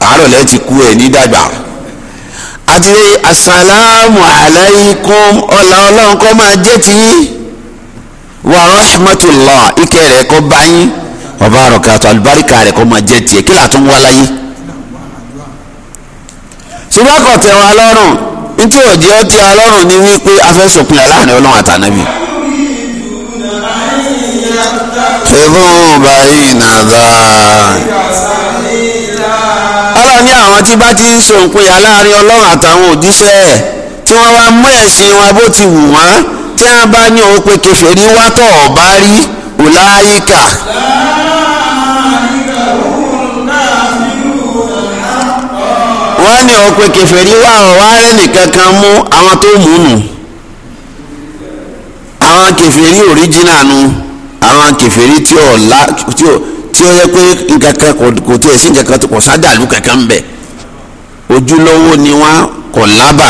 Speaker 2: àárọ̀ lẹ ti kú ẹ ní dàgbà àti asalaamu alaykum ọlá ọlọ́run kó máa jẹ́ ti yín wa rahmatulah ike rẹ̀ kó bá yín wa barakatu alibarika rẹ̀ kó máa jẹ́ tiẹ̀ kí làtún wá láyé. ṣùgbọ́n kò tẹ̀ lọ́rùn nítorí òjì ọtí alọ́rùn ni wípé afẹ́sọ̀pin aláàánú ọlọ́run àtànábì. ṣé fún báyìí nàdá ọlọ́run ní àwọn tí bá ti ń so ìpínyà láàrin ọlọ́run àtàwọn òjíṣẹ́ ẹ̀ tí wọ́n wá mú ẹ̀sìn wọn bó ti wù wọ́n tí wọ́n bá ní òun pé kèfèrí wá tọ̀ ọ̀ bá rí ọ̀láyíkà. wọ́n ní òun pé kèfèrí wá ọ̀wá rẹ̀ nìkan kan mú àwọn tó mú nù àwọn kèfèrí òríjìnà nu àwọn kèfèrí tí ò tí ó yẹ pé nǹkan kò tiẹ̀ sí nǹkan kan kò sádàlú kankan ń bẹ̀ ojúlówó ni wọ́n kò lábà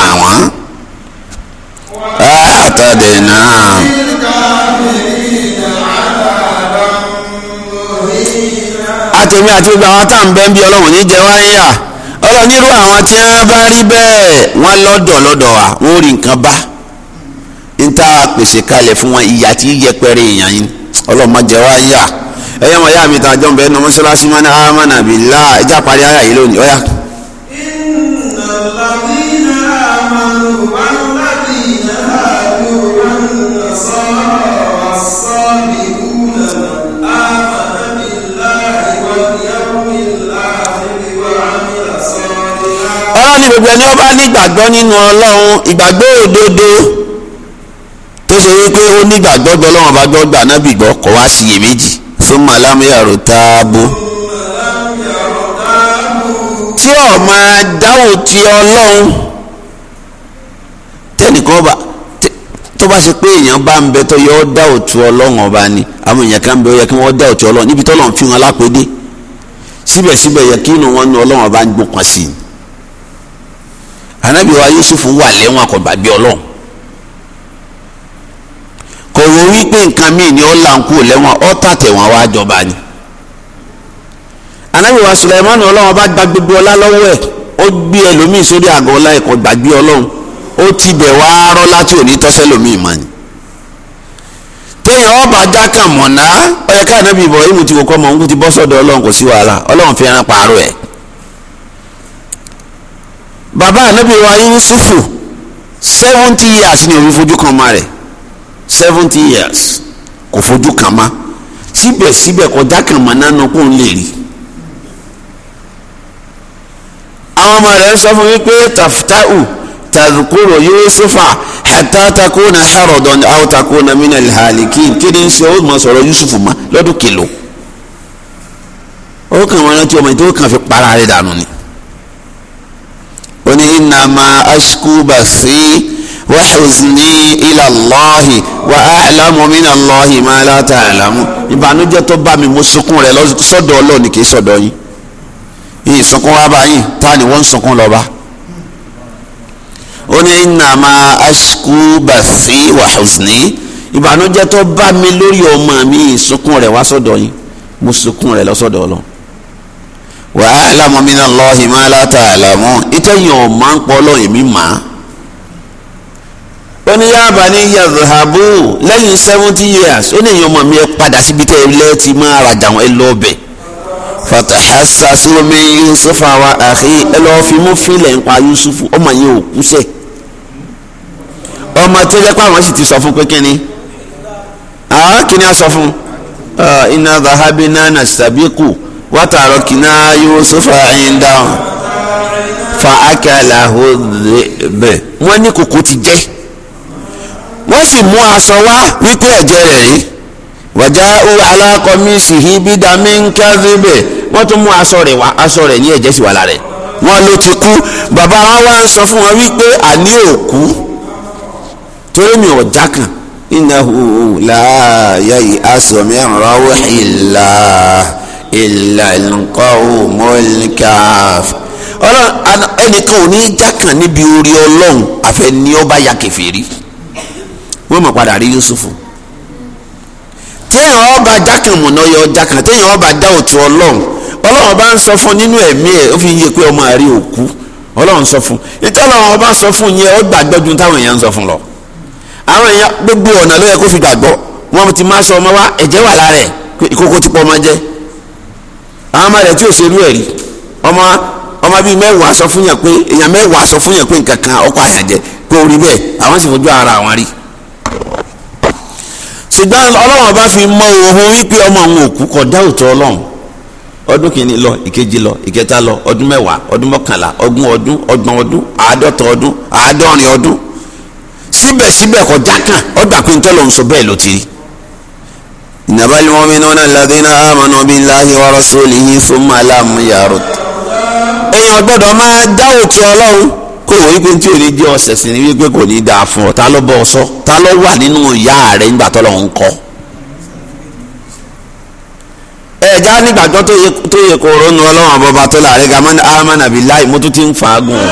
Speaker 2: àtàdé náà. àtẹ̀mí àti gbogbo àwọn ń bí ọlọ́run ní jẹ́ àwọn tí wọ́n bá rí bẹ́ẹ̀ wọ́n lọ́dọ̀ lọ́dọ̀ wa wọ́n rí nǹkan bá a fún wọn ìyà tí yẹpẹrẹ èèyàn yín ọlọ́run má ẹ̀yọ́ mọ̀ yá mi ta jọ́ bẹ́ẹ̀ nu mọ́ṣáláṣí mọ́ ní amánà bìlá ẹjá parí ayà yìí lónìí ọ̀yà. ọlọ́run ní gbogbo ẹni ọba nígbàgbọ́ nínú ọlọ́run ìgbàgbọ́ òdodo tó ṣe wípé ó nígbàgbọ́ gbọ́ ọlọ́run ọba gbọ́ gbà nábì gbọ́ kọ́ wá sí iyèméjì. súnmọ́ alámúyàrò táàbù tí ọ̀ máa dáwò ti ọlọ́run tẹnìkan ọba tó bá ṣe pé èèyàn bá ń bẹ tó yọ ọ ọlọ́run ọba ni àwọn èèyàn kan bẹ ó yẹ kí wọ́n dáwò tu ọlọ́run níbi tó lọ́n fi wọn síbẹ̀síbẹ̀ ọba ń sí i Yusuf wà pé nǹkan mi ni ó là ń kú lẹ́wọ̀n ó wọn wá ni. wa ọlọ́run bá gba gbogbo ọlá lọ́wọ́ ẹ̀ ó gbé ẹlòmíì sórí àgọ́ ọlá ẹ̀kọ́ gbàgbé ọlọ́run ó ọba dákà mọ̀nà ó kò kọ́ mọ̀ ń kú ti bọ́ ọlọ́run kò sí wàhálà ọlọ́run fi ẹran ẹ̀. seventy years kò fojú kan ma síbẹ̀síbẹ̀ kọjá kan mọ̀ nánú kó n lè rí. àwọn ọmọ rẹ̀ sọ fún mi pé taftau tadhkuru yusufa hatta takuna haradan aw takuna minal halikin kéde ń sọ ó mọ sọ̀rọ̀ yusuf ma lọ́dún kìlọ̀ o kàn wọn rántí ọmọ yìí tó kàn fi para rẹ̀ dànù ni. ó ní inna ma ashku basi. وحزني إلى الله وأعلم من الله ما لا تعلم ìbànújẹ́ tó bá mi mo sunkún rẹ̀ sọ́dọ̀ Ọlọ́run ni kì í sọ́dọ̀ yín yìí sunkún wá bá yín ta ni wọ́n ń sunkún lọ bá. ó ní innama ashku bathi wa huzni ìbànújẹ́ tó bá mi lórí ọmọ mi ìsunkún rẹ̀ wá sọ́dọ̀ yín mo sunkún rẹ̀ lọ́sọ̀dọ̀ Ọlọ́run wa a'lamu min Allahi ma la ta'lamun ìtẹ̀yìn ọ̀ máa ń pọ̀ Ọlọ́run mi máa ó ní yá bani yadhabu lẹ́yìn seventy years ó ní èèyàn ọmọ mi padà síbi tẹ́ ilé ti máa rajà wọn ẹ lọ bẹ̀ fatahassasu min yusufa wa akhi ẹ lọ́ọ́ fi mú fílẹ̀ ń pa yusufu ọmọ yẹn ò kúṣẹ̀ ọmọ tó jẹ́ pé àwọn sì ti sọ fún pé kíni àwọn kíni á sọ fún inna dhahabna nastabiqu wa tarakna yusufa indahu fa akalahu dhi'b wọ́n ní kòkó ti jẹ́ ó sì mú aṣọ wá wípé ẹ̀jẹ̀ rẹ̀ rí wàjá ó alákọ̀mísì ibi dami ń kẹ́rìbẹ̀ wọ́n tún mú aṣọ rẹ̀ wá aṣọ rẹ̀ ní ẹ̀jẹ̀ sì wà lára ẹ̀ wọ́n ló ti kú bàbá wọn wá ń sọ fún wọn wípé àní òkú torí mi ò já kàn innahu la yayi asomi rawo illa illa alqawmul kaf ọlọ́run ẹnìkan ò ní já kàn níbi orí ọlọ́run àfẹni ọba ya kẹfẹ́ mọ̀mọ́ padà rí Yusufu téèyàn ọba jákàmù náà yọ ọjà kan téèyàn ọba dá òtù ọlọ́run ọlọ́run bá ń sọ fún nínú ẹ̀mí ẹ̀ ó fi yé pé ọmọ ọba sọ fún ó gbàgbọ́ ju lọ àwọn èèyàn gbogbo ọ̀nà ló yẹ kó fi gbàgbọ́ wọn ti máa sọ ọmọ wa ẹ̀jẹ̀ wà lára ẹ̀ ti pọ̀ ọmọ jẹ́ àwọn ọmọ rẹ̀ tí ò ẹ̀ rí ọmọ bíi mẹ́wàá sọ ṣùgbọ́n ọlọ́run bá fi mọ òun wípé ọmọ òun òkú kọ dá òtọ́ ọlọ́run ọdún kìíní lọ ìkejì lọ ìkẹta lọ ọdún mẹ́wàá ọdún mọ́kànlá ọdún ọgbọ̀n ọdún àádọ́ta ọdún àádọ́rin ọdún síbẹ̀síbẹ̀ ọgbà pé sọ bẹ́ẹ̀ ló ti rí. wọn náà èèyàn gbọ́dọ̀ máa dá ọlọ́run kó o wípé tí o lè jẹ́ ọ̀sẹ̀ sí ni wípé kò ní í dáa fún ọ ta ló bọ́ ọ sọ ta ló wà nínú ìyá rẹ nígbà tó lọ́hún kọ́ ẹ̀já nígbàgbọ́ tó yẹ kó ronú ọlọ́run àbọ̀bá tó láàrin gamọ́ ní amánà bíi láì mo tún ti ń fàágùn o.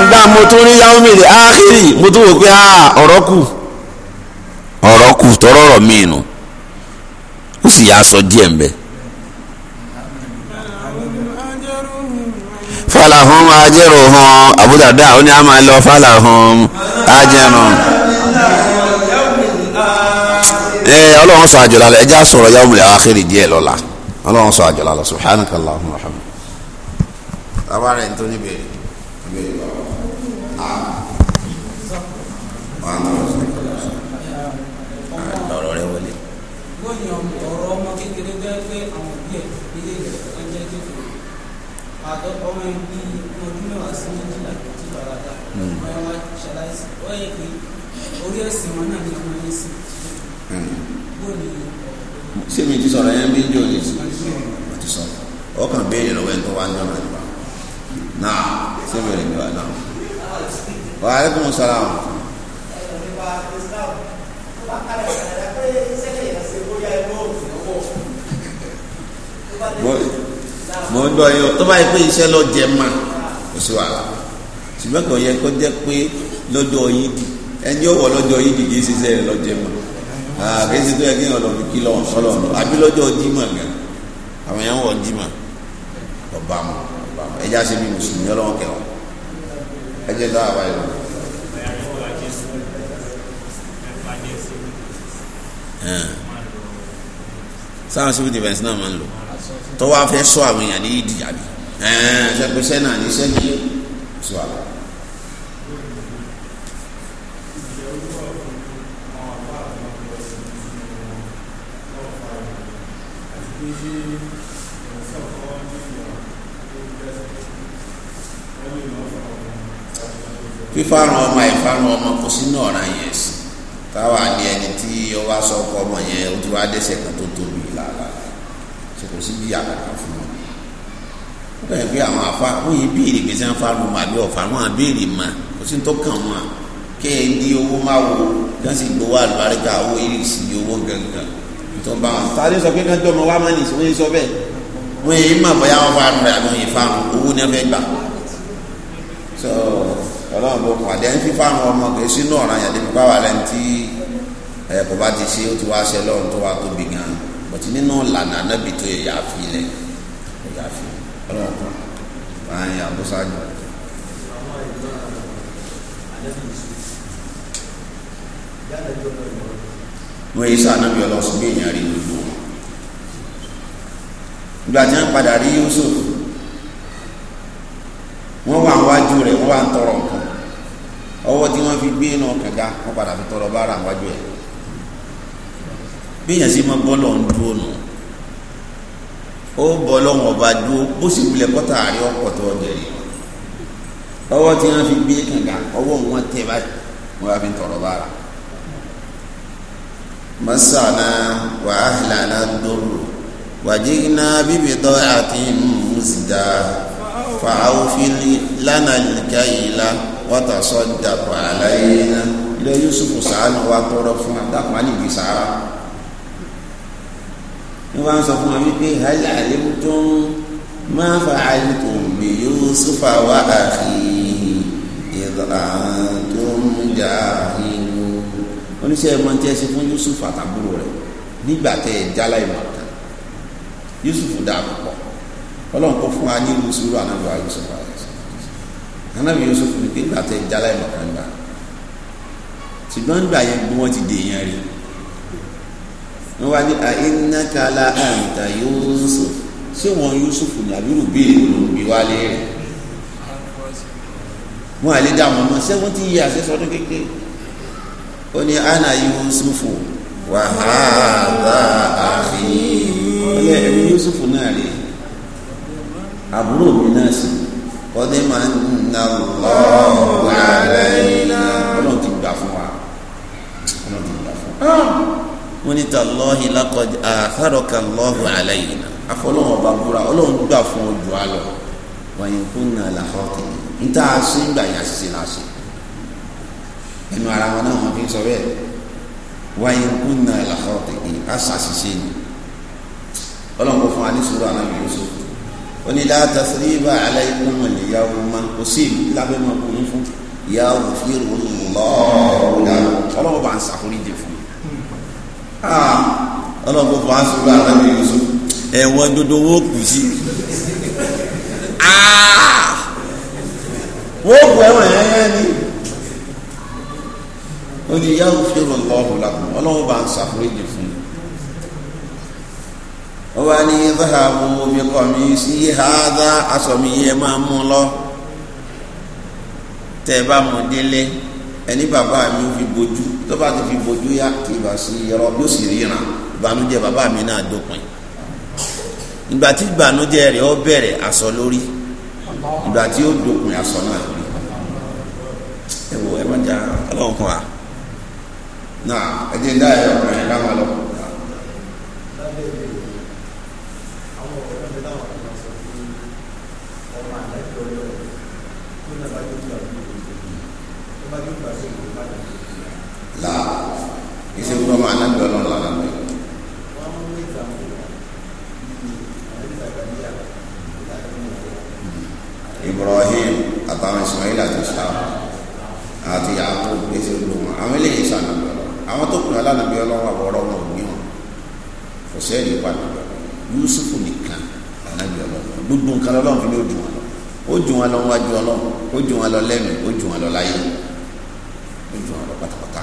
Speaker 2: nígbà mo tún rí yàwó mi lè áhírì mo tún wò pé ọ̀rọ̀ kù ọ̀rọ̀ kù tọrọ ọ̀rọ̀ mi nù. No ó sì yà sọ díẹ̀ mbẹ́. falahum ajruhum Abu Darda ó ní a máa lọ falahum ajruhum. ẹ ọlọ́run sọ àjọlá lọ ẹjẹ́ àsọ̀rọ̀ yawmul akhir díẹ̀ lọ́la ọlọ́run sọ àjọlá lọ subhanakallahumma wa hamdika. tábàárẹ̀ nítorí bèrè.
Speaker 1: ẹ̀sìn wọn náà ní ọmọ yẹn sí. Hmm. ṣé mi ti sọ̀rọ̀ yẹn bí jò ní mo ti
Speaker 2: sọ̀rọ̀ ọkàn béèrè lọ́wọ́ ẹni tó wá ní ọ̀nà ìgbà náà mi rè mí wá náà. wa aleykum salaam. mo ń dọ̀ yọ tó bá yẹ pé iṣẹ́ lọ jẹ mọ́ kò sí wàhálà ṣùgbọ́n kò yẹ kó jẹ́ pé lọ́jọ́ yìí dì ẹni ó wọ̀ lọ́jọ́ yìí kìí ṣiṣẹ́ rẹ̀ lọ́jẹ́ mọ̀ àkẹ́sí tó yẹ kí ọ̀dọ̀ fi kí lọ́wọ́ sọ́lọ́ ọ̀nà àbí lọ́jọ́ jimá gan àwọn èèyàn wọ̀ jimá ọba mọ̀ ọba mọ̀ ẹja ṣe bí mùsùlùmí ọlọ́wọ́ kẹwọn ẹjẹ tó àwa yìí lọ. sáwọn civil defence náà máa ń lò tó wàá fẹ́ sọ àwọn èèyàn ní ìdíjà bí ṣẹ́pẹ́ṣẹ́ náà ní sẹ́yìn sọ àwọn.
Speaker 1: tí èèyàn sọ̀kọ́ nígbà tó jẹ́ wọ́n lè lọ fún
Speaker 2: ọmọ fífárun ọmọ ìfárun ọmọ kò sí náà ra yẹn sí táwa ní ẹni tí ọba sọkọ ọmọ yẹn ó ti wá dẹ́ṣẹ̀ kan tó tóbi làlà ṣe kò sí bí àkàkà fún wọn bẹ́ẹ̀ bí àwọn afa wọn yìí béèrè pé sẹ́n fárun màbí ọ̀fà wọn àbéèrè mà kò sí tó kàn wọn kẹ́ ẹ ní owó máa wo kí wọ́n sì gbowó àlùbáríkà owó irisì owó gángan tọba tani sọ pé kájọ ọmọ wa máa nì wọ́n sọ bẹ́ẹ̀ wọ́n yé mà bọ́yá wọn fa àrùn rẹ̀ àbí wọ́n yé owó ní ẹgbẹ́ gbà so ọlọ́run bó pàdé ẹni fífa àwọn ọmọ kò sínú ọ̀ràn yàtọ̀ nípa wà lẹ́nu tí ẹ̀ kò bá ti ṣe ó ti wá ṣe lọ́run tó wá tóbi gan bọ̀tí nínú lànà anábì tó yẹ yàáfi lẹ̀ yàáfi ọlọ́run kan máa ń yà bó ṣáájú. ìjọba wọ́n yéé sọ anábì ọlọ́run bí èèyàn rí gbogbo wọn. ìgbà tí wọ́n padà rí Yusuf wọ́n wà wájú rẹ̀ wọ́n wà ń tọrọ nǹkan ọwọ́ tí wọ́n fi gbé inú wọ́n padà fi tọrọ bára wájú ẹ̀. bí èèyàn sì mọ bọ́ọ̀lù ń dúró nù ó bọ́ọ̀lù ọba dúró bó sì wulẹ̀ kọ́tà àárẹ̀ ọkọ̀ tó ọjọ́ ọwọ́ tí wọ́n fi gbé ọwọ́ wọn tẹ̀ báyìí wọ́n wá fi tọrọ مسعنا وأهلنا الضر وجئنا ببضاعة مزجاة فأوفر لنا الكيل وتصدق علينا ilé yusufu sàánù wa tọrọ fún wa dákun á nìyí sàárà ní wọn sọ fún wa wípé hali àlébù tó ń máa fa àyè tó ń bè yusufa wa àfi ìdààtò ń jà ní oníṣẹ́ ẹ̀mọ́ tí ẹ ṣe fún Yusuf àtàbúrò rẹ̀ nígbà tẹ ẹ jálá ìmọ̀ kan Yusuf dà púpọ̀ ọlọ́run kò fún wa ní irú sùúrù anábìyà Yusuf anábìyà Yusuf ní pé nígbà tẹ ẹ jálá ìmọ̀ kan gbà ṣùgbọ́n nígbà yẹn gbogbo wọn ti dè yẹn rí wọ́n wá ní àìnákàlà àǹtà Yusuf ṣé wọn Yusuf ní abiru bíi olùbí wa lé rẹ̀ wọn àlè dá wọn mọ seventy years àṣẹ sọdún kékeré ó ní ana yusufu wa hadha akhi ó ní ẹ̀mí yusufu náà rèé àbúrò mi náà sì kọ́dé máa ń na ọ̀rọ̀ ọlọ́run ti gbà fún wa ọlọ́run ti gbà fún wa. wọ́n ah! ní tallahi laqad atharaka Allahu alayna afọlọ́wọ́n ọba búra ọlọ́run gbà fún ojú àlọ́ wọ́n yẹn kó nà láhọ́ọ̀kì níta sí ń gbà yà sí náà sí inú ara wọn náà wọn fi sọ bẹ́ẹ̀ wáyé kúnnà làkọ́ọ̀tì yìí aṣàṣìṣe ni ọlọ́run kò fún wa ní sùúrù ànábì Yusuf ó ní dáadáa sẹ́ni bá aláìkún mọ̀lẹ́ ìyàwó máa kò sí ìlú lábẹ́ máa kún fún ìyàwó fírò lọ́ọ̀ọ́dà ọlọ́run bá ń ṣàforíjì fún ọlọ́run kò fún wa sùúrù ànábì Yusuf ẹ̀wọ̀n dodo wo kù sí wo kù ẹ̀wọ̀n yẹn yẹn ni. ó ní yá òfin lọ́wọ́ ọ̀hùnlákùn ọlọ́run bá ń ṣàforíjì fún un ó wá ní ìdáhàbò omi kọ́ mi sí aṣọ mi yẹ máa mú lọ tẹ́ ẹ bá délé ẹni bàbá mi ò fi bojú tó bá ti fi bojú yá kì í bá sí yóò sì ríran mi náà dópin ìgbà tí ó bẹ̀rẹ̀ aṣọ lórí ìgbà tí ó dópin náà ẹ jẹ́ ń dá ẹ̀yọ́ kan ẹ̀ ká máa lọ. Ibrahim àtàwọn Ismail àti Ishaq àti Yaqub ẹsẹ olùwọ̀n àwọn eléyìí sànà lọ àwọn tó kùnà lánàbí ọlọ́run àwọ̀rọ̀ wọn ò ní wọn kò sẹ́ẹ̀lì ìpàdé Yusuf nìkan lánàbí ọlọ́run gbogbo nǹkan lọ́lọ́run fi ní ojú wọn ó jù wọn lọ wájú ọlọ́run ó jù wọn lọ lẹ́nu ó jù wọn lọ láyé ó jù wọn lọ pátápátá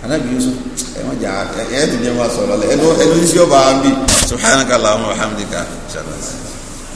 Speaker 2: lánàbí Yusuf ẹ má jà ẹ ẹ ti jẹ́ wọn sọ̀rọ̀ lẹ ẹnu ẹnu iṣẹ́ ọba àbí subhanaka Allahumma wa